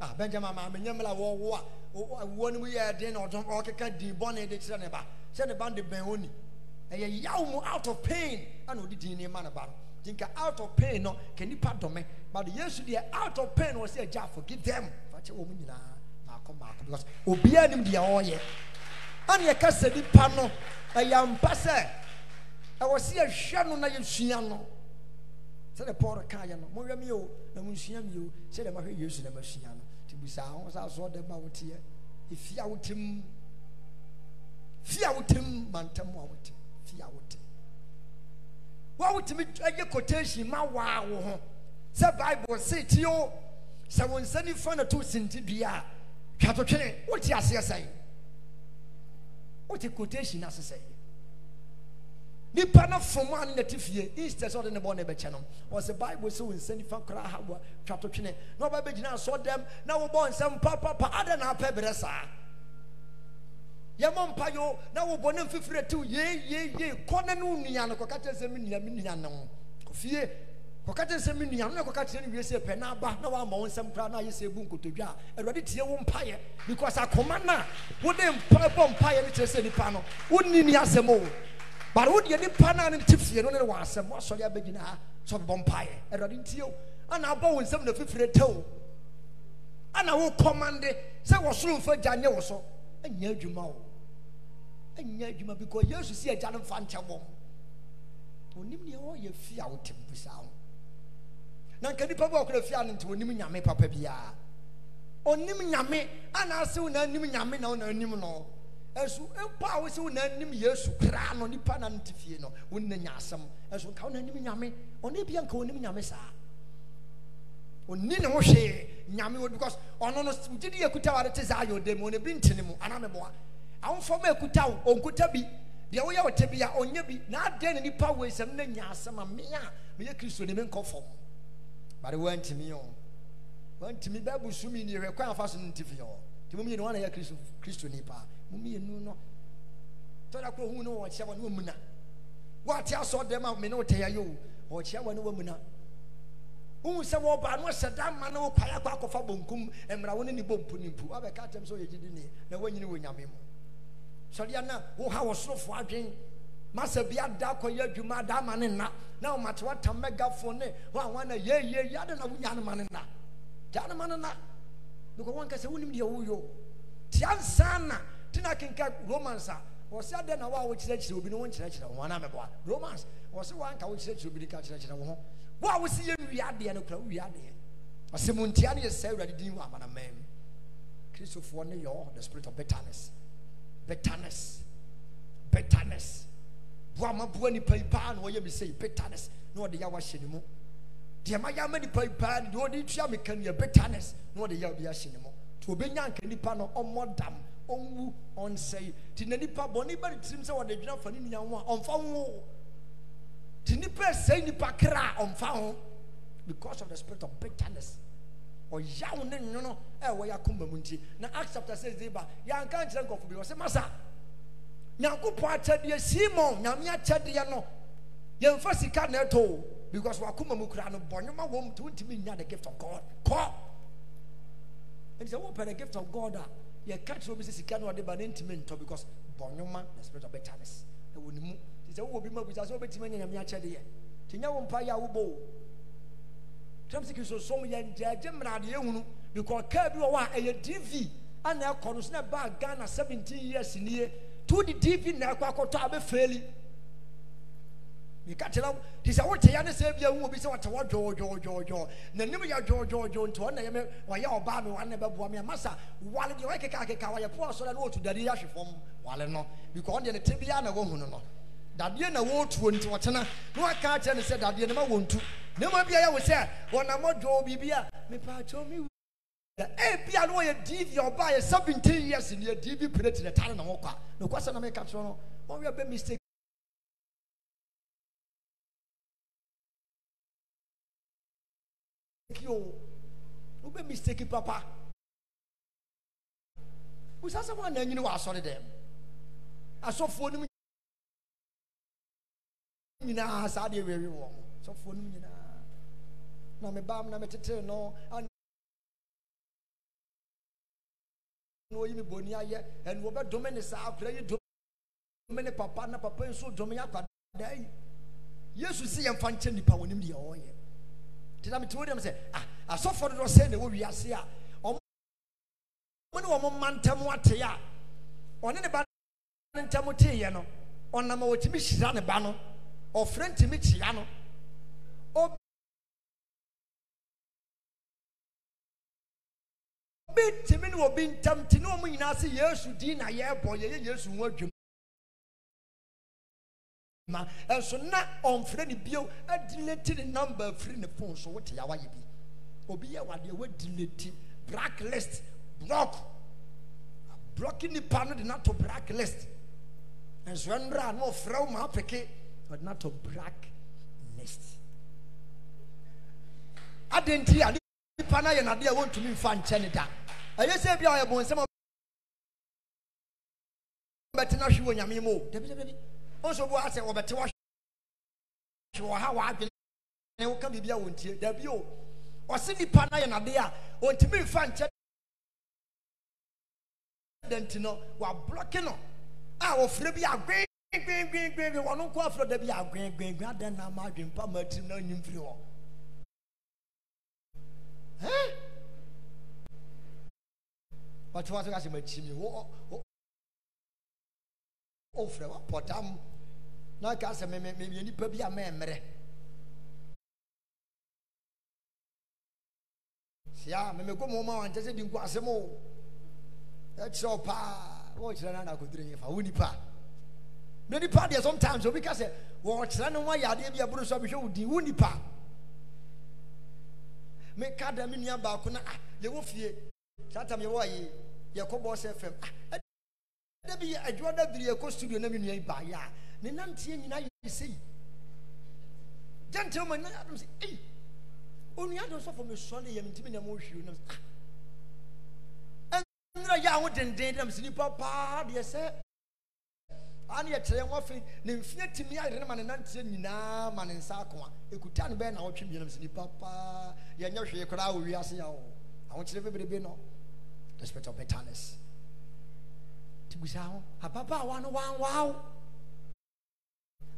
ah benjamin maame nyɛ mmela wɔwo a wɔwɔ no mu yɛ den na ɔdɔm ɔkeka din bɔne de kyerɛ ne ba sɛ ne ba de bɛn oni ɛyɛ yaw mu out of pain ɛna ɔde din ne ma ne ba no nka out of pain no ka nipa dɔme but yesu deɛ out of pain wɔ sɛ agya forgive them fakyɛ wɔn nyinaa baako baako because obiara nim deɛ ɔreyɛ ɛna yɛka sɛ nipa no ɛyɛ mpa sɛ ɛwɔ sɛ yɛhwɛ no na yɛsua no sɛde paul kaayɛ no monhwɛ mi o na monsua mi o sɛde mahwɛ yesu na masua no nti busaa ho saa soɔ dɛ ma woteɛ ɛfie a wotem fie a wotem mantam a wotem fie a wotem wa wotumi ayɛ quotation ma waa wo ho sɛ bible se ti o sɛ wo nsa nifa na to sinti dua a twatotwene wote aseɛ sɛe wote quotation ase nipa no from one in the tifie easter so the born ebeche no was the bible so in send fa kra ha wa twato twene na oba begina so dem na wo born sem pa pa pa ada na pa bere sa ye mpa yo na wo born em fifire tu ye ye ye kone no nua no kokata sem nua me nua no kofie kokata sem nua no kokata ne wiese pe na ba na wa ma won sem kra na ye se bu nkotodwa awrade tie wo mpa ye because akoma na wo de mpa bom mpa ye ne tese nipa no wo ni ni asem o but wo deɛ nipa naa ne te fie no ne wa asɛm wasɔre abɛgyina ha sɛ mbɔ mpaeɛ awurade ntie o ana abɔ wo nsɛm na fifire tɛ o ana wo kɔmande sɛ wɔsoro mfa gya nyɛ wɔ so ɛnyɛ adwuma o ɛnyɛ adwuma because yesu si agya no mfa nkyɛ wɔm onim deɛ ɔyɛ fie a wotem busa ho na nka nipa bi a ɔkora fie a no nti onim nyame papa biara onim nyame anaasɛ na anim nyame na wo na anim no ɛso mpo a wosi wonanim yesu koraa no nipa na no te fie no wonna nya asɛm ɛso nka wonanim nyame ɔne bia nka wonim nyame saa ɔni ne ho hwee nyame wo because ɔno no wogye de yɛkuta wade te saa yɛ ɔda mu ɔne bi ntene mu anaa meboa awomfam a ɛkuta wo ɔnkuta bi deɛ woyɛ wo te bi a ɔnyɛ bi na adɛn ne nipa wei sɛm na nya asɛm a me a meyɛ kristo ne menkɔ fam bare woantimi o woantimi bɛbu sumi ne yɛhwɛ kwan afa so no nti fie hɔ nti momyɛ ne woana yɛ kristo kristo nipa mo mmienu no tɔda koro hu ne wɔ ɔkyea wɔ ne wɔ muna wɔate asɔ dɛm a me ne wotɛ yɛ o ɔkyea wɔ ne wɔ muna wohu sɛ wɔba no ɔhyɛ da ma no wokwae akɔ akɔfa bonkum mmara wo ne ne bɔ mpo ne mpu wabɛka atɛm sɛ ɔyɛ gyidi ne na woanyini wɔ nyame na woha wɔ sorofoɔ masa bi ada akɔyɛ adwuma ada ama ne nna na ɔmate watam mɛgafoɔ ne ho a wana yɛyɛ yi ade na wonya ne ma ne nna gya ne ma ne nna because wɔnka sɛ wonim deɛ woyɛ tia nsa na tena kenka romans a wɔsɛ adɛ na wo a wokyerɛkyerɛ obi no wonkyerɛkyerɛ wo ho anaa mɛboa romans wɔsɛ woanka wokyerɛkyerɛ obi no kyerɛkyerɛ wo ho wo a wosi yɛ wie adeɛ no kora wie adeɛ ɔsɛ mu ntia no yɛ sɛ awurade din wɔ amanaman mu kristofoɔ ne yɛ oh, the spirit of bitterness bitterness bitterness boa ma boa nipa yi paa na wɔyɛ me sɛ bitterness na wɔde yɛ wahyɛ ne mu deɛ ma yɛ ama nipa yi paa deɛ wɔde tua me ka no yɛ bitterness na wɔde yɛ obi ahyɛ ne mu nti obɛnya nka nipa no ɔmmɔ dam ɔnwu ɔnsɛe nti na nipa bɔne ba ne tirim sɛ wɔde adwina fa ne nua ho a ɔmfa ho nti nipa ɛsɛe nipa kra a ho because of the spirit of bitterness ɔyaw ne nwono e a ɛwɔ yɛ akoma mu nti na acts chapter six de ba yɛanka nkyerɛ nkɔfo bi ɔsɛ masa nyankopɔn akyɛdeɛ simon nyame akyɛdeɛ no yɛmfa sika na ɛtɔ because wakoma mu kura no bɔnwoma wɔ mu nti wontumi nya the gift of god kɔ ɛnti sɛ wopɛ the gift of god a yɛka kyerɛ obi sɛ sika no ɔde ba ne ntumi ntɔ because bɔnwoma na spirit of bitterness ɛwɔ ne mu nti sɛ wowɔ bi ma bisa sɛ wobɛtumi anya nyame akyɛde yɛ nti nyɛ wo mpa yɛ a wobɔ o tram sɛ kisosom yɛngyaagye mmaradeɛ hunu because kaa bi wɔ hɔ a ɛyɛ dv ana ɛkɔ no so na ɛbaa ghana 17 years nie 2 de dv na ɛkɔ akɔtɔ abɛfeeli mika kyerɛ wo te sɛ wote ya ne sɛ bia wu obi sɛ wɔte wɔ dwoodwoodwoodwoo n'anim yɛ dwoodwoodwoo nti ɔna yɛme wɔyɛ ɔbaa me wane bɛboa me amasa wale deɛ wɔyɛ kekakeka wɔyɛ po asɔre ne wɔtu dadeɛ ahwe fam wale no because ɔdeɛ ne te biara na wɔhu no no dadeɛ na wɔretuo nti wɔtena na wɔaka kyerɛ ne sɛ dadeɛ ne ma wɔntu na a mepaakyɛw me wu ebia a na mistake o wobɛ mistake papa busa sɛ woana anyini wɔ asɔre dɛm asɔfoɔ no nyinaa saa deɛ wɛwi wɔ asɔfoɔ no nyinaa na mebaa m na metetee no na ɔyi me bɔni ayɛ ɛne wɔbɛdome ne saa akora yi dome ne papa na papa nso dome akwadaa yi yesu si yɛmfa nkyɛ nnipa wɔnim deɛ ɔyɛ nti na metumi dɛm sɛ ah, asɔfoɔ dodoɔ sɛ na ɛwɔ wiase a ɔmo ne wɔn mma ntam ate a ɔne ne ba ne ntam teeɛ no ɔnam a wɔtumi hyira ne ba no ɔfrɛ ntumi kyia no obi ntumi ne obi ntam te ne wɔn nyinaa sɛ yesu din na yɛrebɔ yɛyɛ yesu ho adwuma na nso na ɔnfrɛ ne bio adileti ne namba firi ne phone so wote yawa yɛ bi obi yɛ wadeɛ wadileti black list block blocking nipa no de na to black list nso ɛnura na ɔfrɛ wo ma apeke ɔde na to black list adeɛ nti a nipa no ayɛ nadeɛ a wɔntumi mfa nkyɛn ne da ɛyɛ sɛ bi a ɔyɛ bɔnsɛm a ɔbɛtena hwe wɔ nyame mu o dabi nso ase asɛ wɔbɛte wahwɛ wɔ ha wadwene ne woka biribi a wɔntie dabi o ɔse nipa no ayɛ nade a ɔntumi mfa nkyɛ dɛnti no wablɔke no a wɔfrɛ bi agwengengengengen wɔno nko afrɛ da bi agwengengwen adɛn na ma adwen pa ma tirim na onyim firi hɔ ɔtwe wa so ka sɛ makyi mi ofrɛ wapɔ tam na ka sɛ mɛmɛmɛ nipa bi a mɛmmerɛ sia mɛmɛ kɔ mu ma wa nkyɛ sɛ di nko asɛm o ɛkyerɛ paa wɔkyerɛ no anakodire yɛ fa wo nipa na nipa deɛ sometimes obi ka sɛ wɔkyerɛ no ho ayɛ adeɛ bi aboro so a mehwɛ wo din wo nipa meka da me nua baako na ah yɛwɔ fie saa tam yɛwɔ ayi yɛkɔ bɔɔ sɛ fam ah dabi adwuma da biri ɛkɔ studio na mi nua yi ba yɛ a ne nanteɛ nyinaa yɛ sɛ yi gentleman na adum sɛ ei onua de sɔfo mi sɔle yɛ ntumi na mo hwiri na mo sɛ ah. ɛnura yɛ aho denden dɛm sɛ nipa paa deɛ sɛ ani yɛ kyerɛ wɔn afei ne nfin timi ayɛ ne ma ne nanteɛ nyinaa ma ne nsa akoma ekuta ne bɛyɛ na awɔtwe mmienu sɛ nipa paa yɛ nyɛ hwee koraa wɔ wiase yɛ awo ahokyerɛ bebrebe no respect of bitterness nti busa ho ababaawa no wanwaaw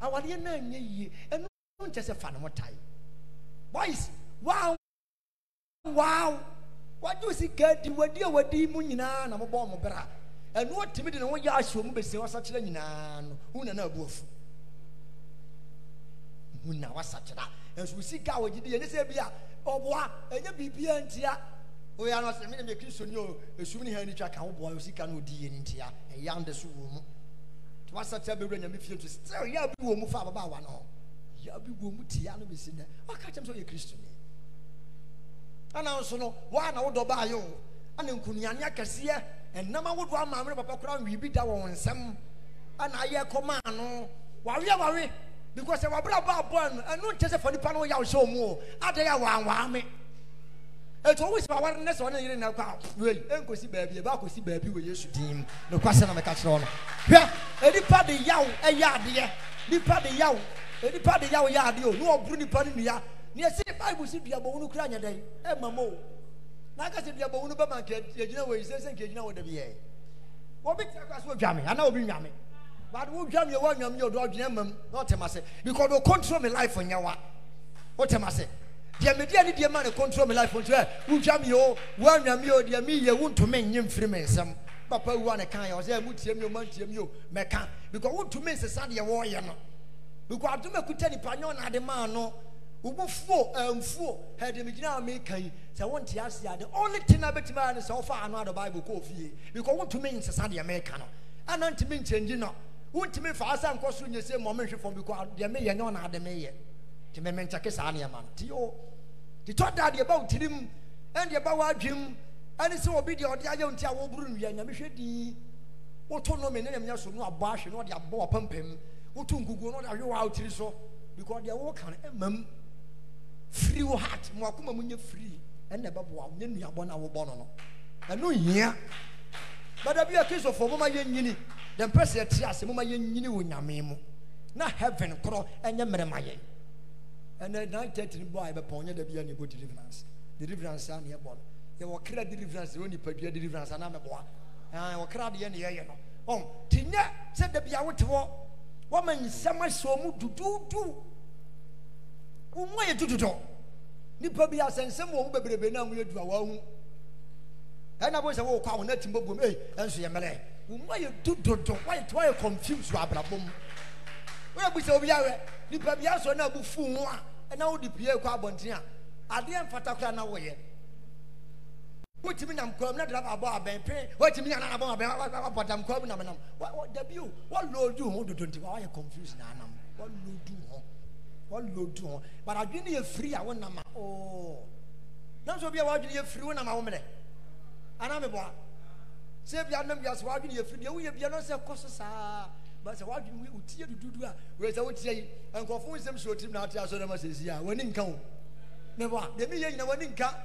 awadeɛ no anyɛ yie ɛno nkyɛ sɛ fa ne ho tae boys wanwaaw wagye wo sika di wadi a wadi mu nyinaa na mobɔɔ mo berɛ a ɛno ɔtumi de ne ho yɛ ahyɛ mu bɛsie wasakyerɛ nyinaa no wo nana abu afu mu na wasakyerɛ a ɛnso wo sika a wɔgye di yɛnyɛ sɛ bi a ɔboa ɛnyɛ biribia oyɛ oh, anase mi na mi ekiri soni o esum ni hɛn ni twa ka ho bɔ osika na odi yɛ ni ntia ɛyɛ ande so wɔ mu to wa sɛtia bewura nyame fie to still yɛ bi wɔ mu fa ababaawa no yɛ bi wɔ mu tia no besi nɛ ɔka kyɛm sɛ ɔyɛ kristoni ɛna nso no waa na wodɔ baa yɛ o ɛna nkunyane akɛseɛ ɛnam ahodoɔ ama amene papa koraa nwi bi da wɔn nsɛm ɛna ayɛ kɔmaa no wawe wawe because ɛwɔ abere abɔ abɔ ɛno ɛno nkyɛ sɛ fɔ nipa no yɛ awohyɛ wɔn o adeɛ yɛ wɔn awaame etu owo si awari ne sọ ne yiri na kwa wei enkosi baabi ebe akosi baabi wɔ yesu dim ne kwasa na meka kyerɛ ɔno hwɛ enipa de yaw ɛyɛ adeɛ nipa de yaw enipa de yaw yɛ adeɛ o ne ɔburu nipa ne nua ne esi baibu si duaba wunu kura nyɛ dɛ ɛma mo n'aka si duaba wunu bɛma nke egyina wɔ yi sɛnsɛn nke egyina wɔ dɛbi yɛ obi tia kwa so dwame ana obi nwame baadi wo dwame yɛ wɔ nwame yɛ o do ɔdwene ɛma mu na ɔtɛm ase because o control my life nyɛ wa ɔtɛm ase deɛ mede ani deɛ ma ne control me life nti ɛ wotwa me o woanwa me o deɛ meyɛ wontumi nnye mfiri me nsɛm papa wua ne kan yɛ ɔsɛ mutie mi o mantie mi o mɛka because wontumi nsesa deɛ wɔɔyɛ no because adom akuta nipa nyɛ ɔna ade maa no wobofuo amfuo ɛde megyina a meka yi sɛ wonte ase a the only thing a bɛtumi ayɛ ne sɛ wofa ano ada bible kɔɔ fie because wontumi nsesa deɛ meka no ana ntumi nkyɛngyi no wontumi mfa asa nkɔ soro nyɛ sɛ mmɔmehwe fam because deɛ meyɛ nyɛ ɔna ade meyɛ nti mɛmɛnkyɛke saa nneɛma no nti o nti tɔ da deɛ ɛba wo tirim ɛne deɛ ɛba wo adwem ɛne sɛ obi deɛ ɔde ayɛ nti a wɔburu nnua nyame hwɛ dii woto nome ne nyamenya so no abɔ ahwe na ɔde abɔ wapampam woto nkuguo na ɔde ahwe wɔ awotiri so because deɛ wɔka no ɛma m firi wo heart mo akoma mu nyɛ firi ɛnna ɛbɛboa nyɛ nnuabɔ no a wobɔ no no ɛno hia bada bi a kristofoɔ moma yɛnyini dɛmpɛ sɛ ɛte ase moma yɛnyini wɔ nyame mu na heaven korɔ ɛnyɛ mmerɛma yɛn ɛnɛ nine thirty ni bɔ a yɛbɛ pɔn nyɛ dɛ bi yɛ ni ko deliverance deliverance a ni yɛ bɔ no yɛwɔ kira deliverance yɛ wɔ nipadua deliverance anam bɛ bɔ a ɛn wɔ kira deɛ ni yɛ yɛ no ɔn ti nyɛ sɛ dɛbi awo te hɔ wɔmɛ nsɛm ahyɛ wɔn mu duduudu wɔn mu ayɛ dududɔ nipa bi asɛ nsɛm wɔn mu bebrebe na wɔn yɛ du a wɔn ahu ɛna bɔ sɛ wɔn kɔ ahɔn na ti mbɔ bɔ mu ee ɛnso yɛ mɛlɛ wɔn mu ayɛ wɔyɛ confused wɔ abrabɔ wonabusa obi awerɛ nipa bi asɔ na abu fu ho a ɛna wode pie kɔ abɔnten a adeɛ mfata koraa na wɔyɛ wotumi nam kɔm na draba abɔ abɛn pe wotumi nana abɔ abɛn wabɔ dam kɔm nam nam dabi o wɔlɔdu ho dodo nti wɔayɛ confuse na anam wɔlɔdu ho wɔlɔdu ho but adwene no yɛ firi a wonam a oo nanso obi a wɔadwene yɛ firi wonam a womerɛ anaa meboa sɛ bia nam wiase wɔadwene yɛ firi deɛ woyɛ bia no sɛ kɔ so ba sɛ wadwene wo tie dududu a wei sɛ wotiɛ yi nkurɔfo nsɛm sɛ otirim na ate asɔre ma sɛsi a w'ani nka wo ne wa dɛmi yɛ nyina w'ani nka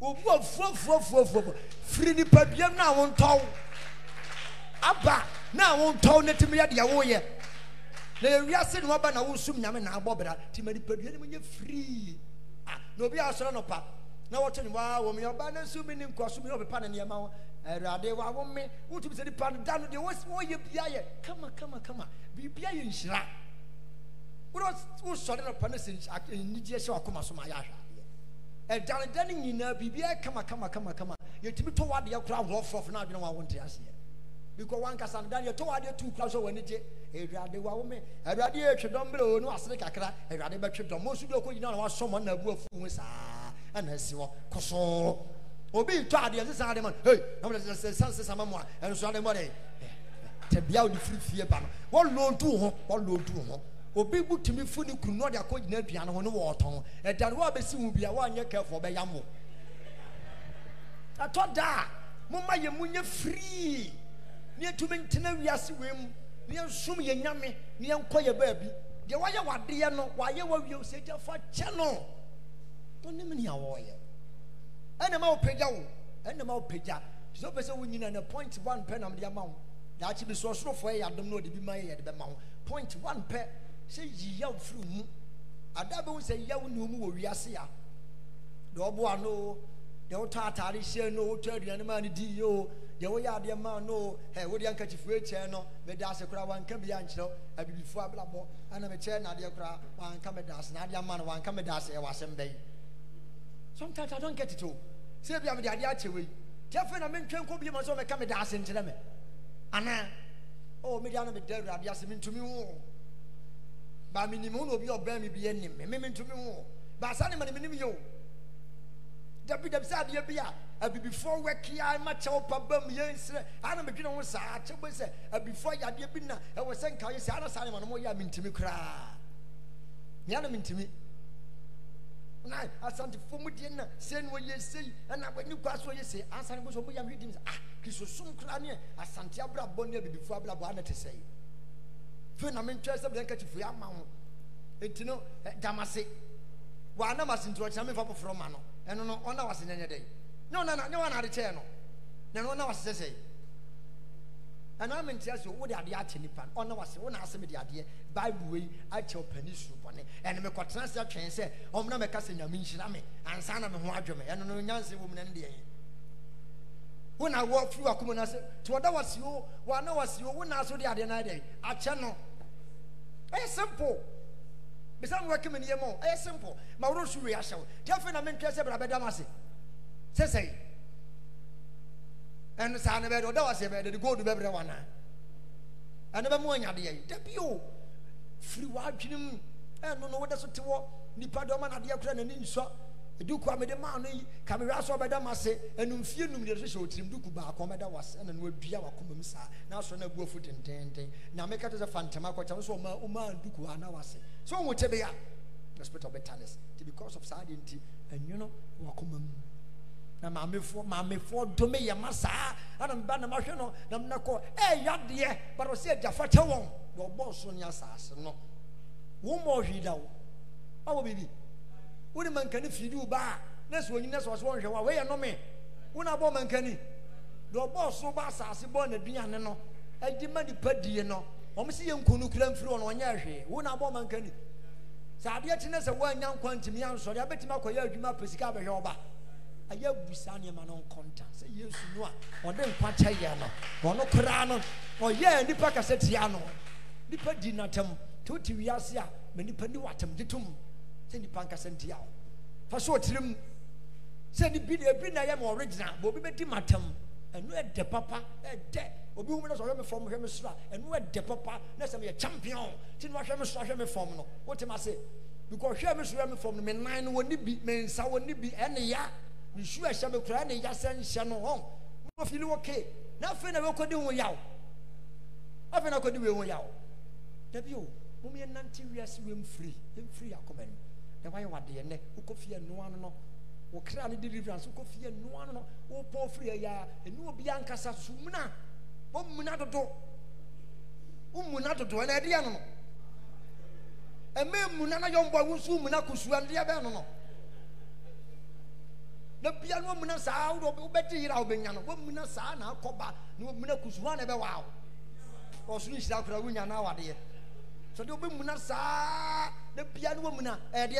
obu a fuafuafuafuafuo firi nipa duam na wo ntɔw aba na wo ntɔw ne timi yɛ deɛ woyɛ na ewiase ne waba na wo nsum nyame na abɔ bra ti ma nipa duam ne nyɛ firii na obi asɔre no pa na wɔto ne waa wɔn yɛ ɔbaa ne nsum ne nkɔsum ne ɔpepa ne nneɛma awurade wawome wotumi sɛ nipa no da no deɛ wɔyɛ bia yɛ kama kama kama biribia yɛ nhyira wosɔre nɔpa no sɛ anigyeɛ hyɛ wakoma so ma yɛ ahwɛ adeɛ ɛda no nyinaa biribia kama kama kama kama yɛtumi tɔ wadeɛ kora worɔfrɔfo no adwene wawonte aseɛ because wankasa no da no yɛtɔ wadeɛ tu kora sɛ wɔani gye awurade wawome awurade yɛtwe dɔm berɛ o ne wasere kakra awurade bɛtwe dɔm mo nso bi ɔkɔ nyinaa na wasɔmɔ na abu afu saa ɛna asi hɔ kɔsɔɔ obi tɔ adeɛ sisan de ma hey na mo de sisan sisan ma mo eh, eh, a ɛnso de mo de tɛ bia o ni firi fie ba no wɔn lontu ho wɔn lontu ho obi bu tumi fu ni kunu n'ɔde akɔ gyina aduane ho ne wɔɔtɔn ɛdan wɔn a bɛ si hu bia wɔn a nyɛ kɛfɔ bɛ yamu atɔ daa mo ma yɛ mo nyɛ firii ne tumi ntena wiase wei mu ne nsum yɛ nyame ne nkɔ yɛ baabi deɛ wɔayɛ w'adeɛ no wɔayɛ w'awie sɛ gya fa kyɛ no wɔn nim ni awɔɔyɛ ɛna ma wo pagya wo ɛna ma wo pagya sɛ wopɛ sɛ wonyina na point one pɛ nam de ama wo daakye bi so ɔsorofoɔ yɛ adom na ɔde bi ma yɛ yɛde bɛma wo point one pɛ sɛ yiya wo firi mu ada bɛhu sɛ yiya wo ne wo mu wɔ wiase a deɛ ɔboa no deɛ wotɔ atare hyɛ no wotɔ aduane maa no diiɛ o deɛ woyɛ adeɛ maa no ɛ wode ankakyifoɔ akyɛn no meda ase koraa wanka bia nkyerɛ abibifoɔ abrabɔ ana mekyɛ nadeɛ koraa wanka meda ase na adeɛ ama no wanka meda ase ɛwɔ asɛm bɛyi sometimes I don't get it all. Oh. Say, I'm the idea to we. Tell I mean, can't be my son, I come and dance into them. Anna, oh, me down a bit there, I'll be asking to me more. By minimum, will be your baby be any, me to me more. By Sunday, my minimum, you. dabi dabi sɛ adeɛ bi a abibifoɔ wɛki a ma kyɛw pa bam yɛ nsirɛ ana mi dwene ho saa akyɛ bɛ sɛ abibifoɔ yɛ adeɛ bi na ɛwɔ sɛ nkae sɛ ana saa ne ma no mo yɛ a mi ntumi koraa nyɛ ana mi me. na asantefo mu deɛ na sei na wɔyɛ sei ɛna w'ani kwa so wɔyɛ sei asane bɔ so ɔmo yam hwedi mu sɛ ah kristosom koraa ne asante abrabɔ ne abibifo abrabɔ ana te sɛe fei na mentwɛ sɛ bɛn kakyifo yɛ ama ho enti no eh, damase wɔanam ase nti ɔkyena memfa foforɔ ma no ɛno no ɔna wase nyɛnyɛ dɛn ne ɔna ne wɔna ade kyɛɛ no na no ɔna wase sɛ sɛe ɛna mente sɛ wode adeɛ akyɛ nipa no ɔna wase wona asɛm de adeɛ bible wei akyɛ ɔpani surubɔne ɛne mekɔtena se atwɛn sɛ ɔmna mɛka sɛ nyame nhyira me ansa na me ho adwe me ɛno no nyanse wɔ mu no ne eh, deɛ wona wɔfiri wakoma no sɛ nti wɔda wasio wana wasio wona so de adeɛ no ayɛdɛn akyɛ no ɛyɛ simple bisa mo wɔkeme nneɛma o ɛyɛ simple ma worɔ so wei ahyɛ wo nti afei na mentwɛ sɛ brabɛda m ɛno saa no bɛde ɔda waseɛ bɛde de gold bɛbrɛ e wana ɛno bɛma wanyadeɛ da bio firi w'adwene mu ɛno no wode so te wɔ nipa dɔma nadeɛ kora n'ani nsɔ duku a mede maa no yi kamewia sɛ ɔbɛda m ase ɛnumfie num deɛ hyehyɛ ɔtirim duku baako ɔmɛda wase ɛna no adua wakoma mu saa na asɔ no abu afu tententen na meka to sɛ fa ntama kɔkyɛm sɛ ɔma ɔmaa duku a na wase So ɔhu te bea the spirit of bitterness nti because of saa deɛ nti ɛnwono wakoma mu na maamefoɔ maamefoɔ dome yɛ ma saa ana meba na mahwɛ no na mena kɔ ɛyɛ adeɛ bara sɛ agyafa kyɛ wɔn na ɔbɔɔ so ne asase no woma ɔhwii da wo awɔ biribi wone mankani firi wo baa na sɛ ɔnyini na sɛ ɔsɛ wɔnhwɛ wo a woyɛ nome wona abɔɔ mankani na ɔbɔɔ so ba asase bɔɔ n'aduane no adi ma nipa die no wɔn si yɛ nkunu kura mfiri wɔn ɔnyɛ hwee wona abɔɔ mankani sɛ adeɛ kyi na sɛ wɔanya nkwa ntumi ansɔre abɛtumi akɔyɛ adwuma pɛ sika abɛhwɛ ɔba ayɛ bu saa nneɛma no nkɔnta sɛ yesu no a ɔde nkwakyɛ yɛ no ɔno koraa no ɔyɛɛ oh, nipa kasa tia no nipa di natam nti wote wiase a ma nipa ni watam gye tom sɛ nipa nkasa ntia wo fa so ɔtirim sɛ ne bi na ebi na yɛ ma ɔregyina ma obi bɛdi matam ɛno ɛdɛ papa ɛdɛ obi hu mi na sɛ ɔhwɛ mi fam hwɛ mi soro a ɛno ɛdɛ papa na sɛ yɛ champion ti na wahwɛ mi soro ahwɛ mi fam no wote ma se because hwɛ mi soro hwɛ mi fam no mi nan no wɔ ni bi mi nsa wɔ ni bi ɛne ya nsu a ɛhyɛ me koraa ne yasɛ nhyɛ no hɔn wɔfili wɔ kee na afei na wɔkɔdi wɔn yaw afei na wɔkɔdi wɔn yaw dabi o mo mi nante wiase wɔ mfiri mfiri akɔmɛ no na wɔayɛ wadeɛ nɛ wɔkɔ fie noa no no wɔkra ne deliverance wɔkɔ fie noa no no wɔpɔ firi ɛyaa ɛnu obi ankasa sumuna wɔmuna dodo wɔmuna dodo ɛna ɛdeɛ no no ɛmɛ muna na yɔn bɔ wɔn nso muna kusua ɛdeɛ bɛɛ no no na bia no amuna saa wode wobɛdi yera wobɛnya no woamuna saa na akɔ ba na wamuna kusuwa na ɛbɛwa wo ɔsoro nhyira kora wonya no awadeɛ sɛ de wobɛmuna saa na bia no woamuna ɛdeɛ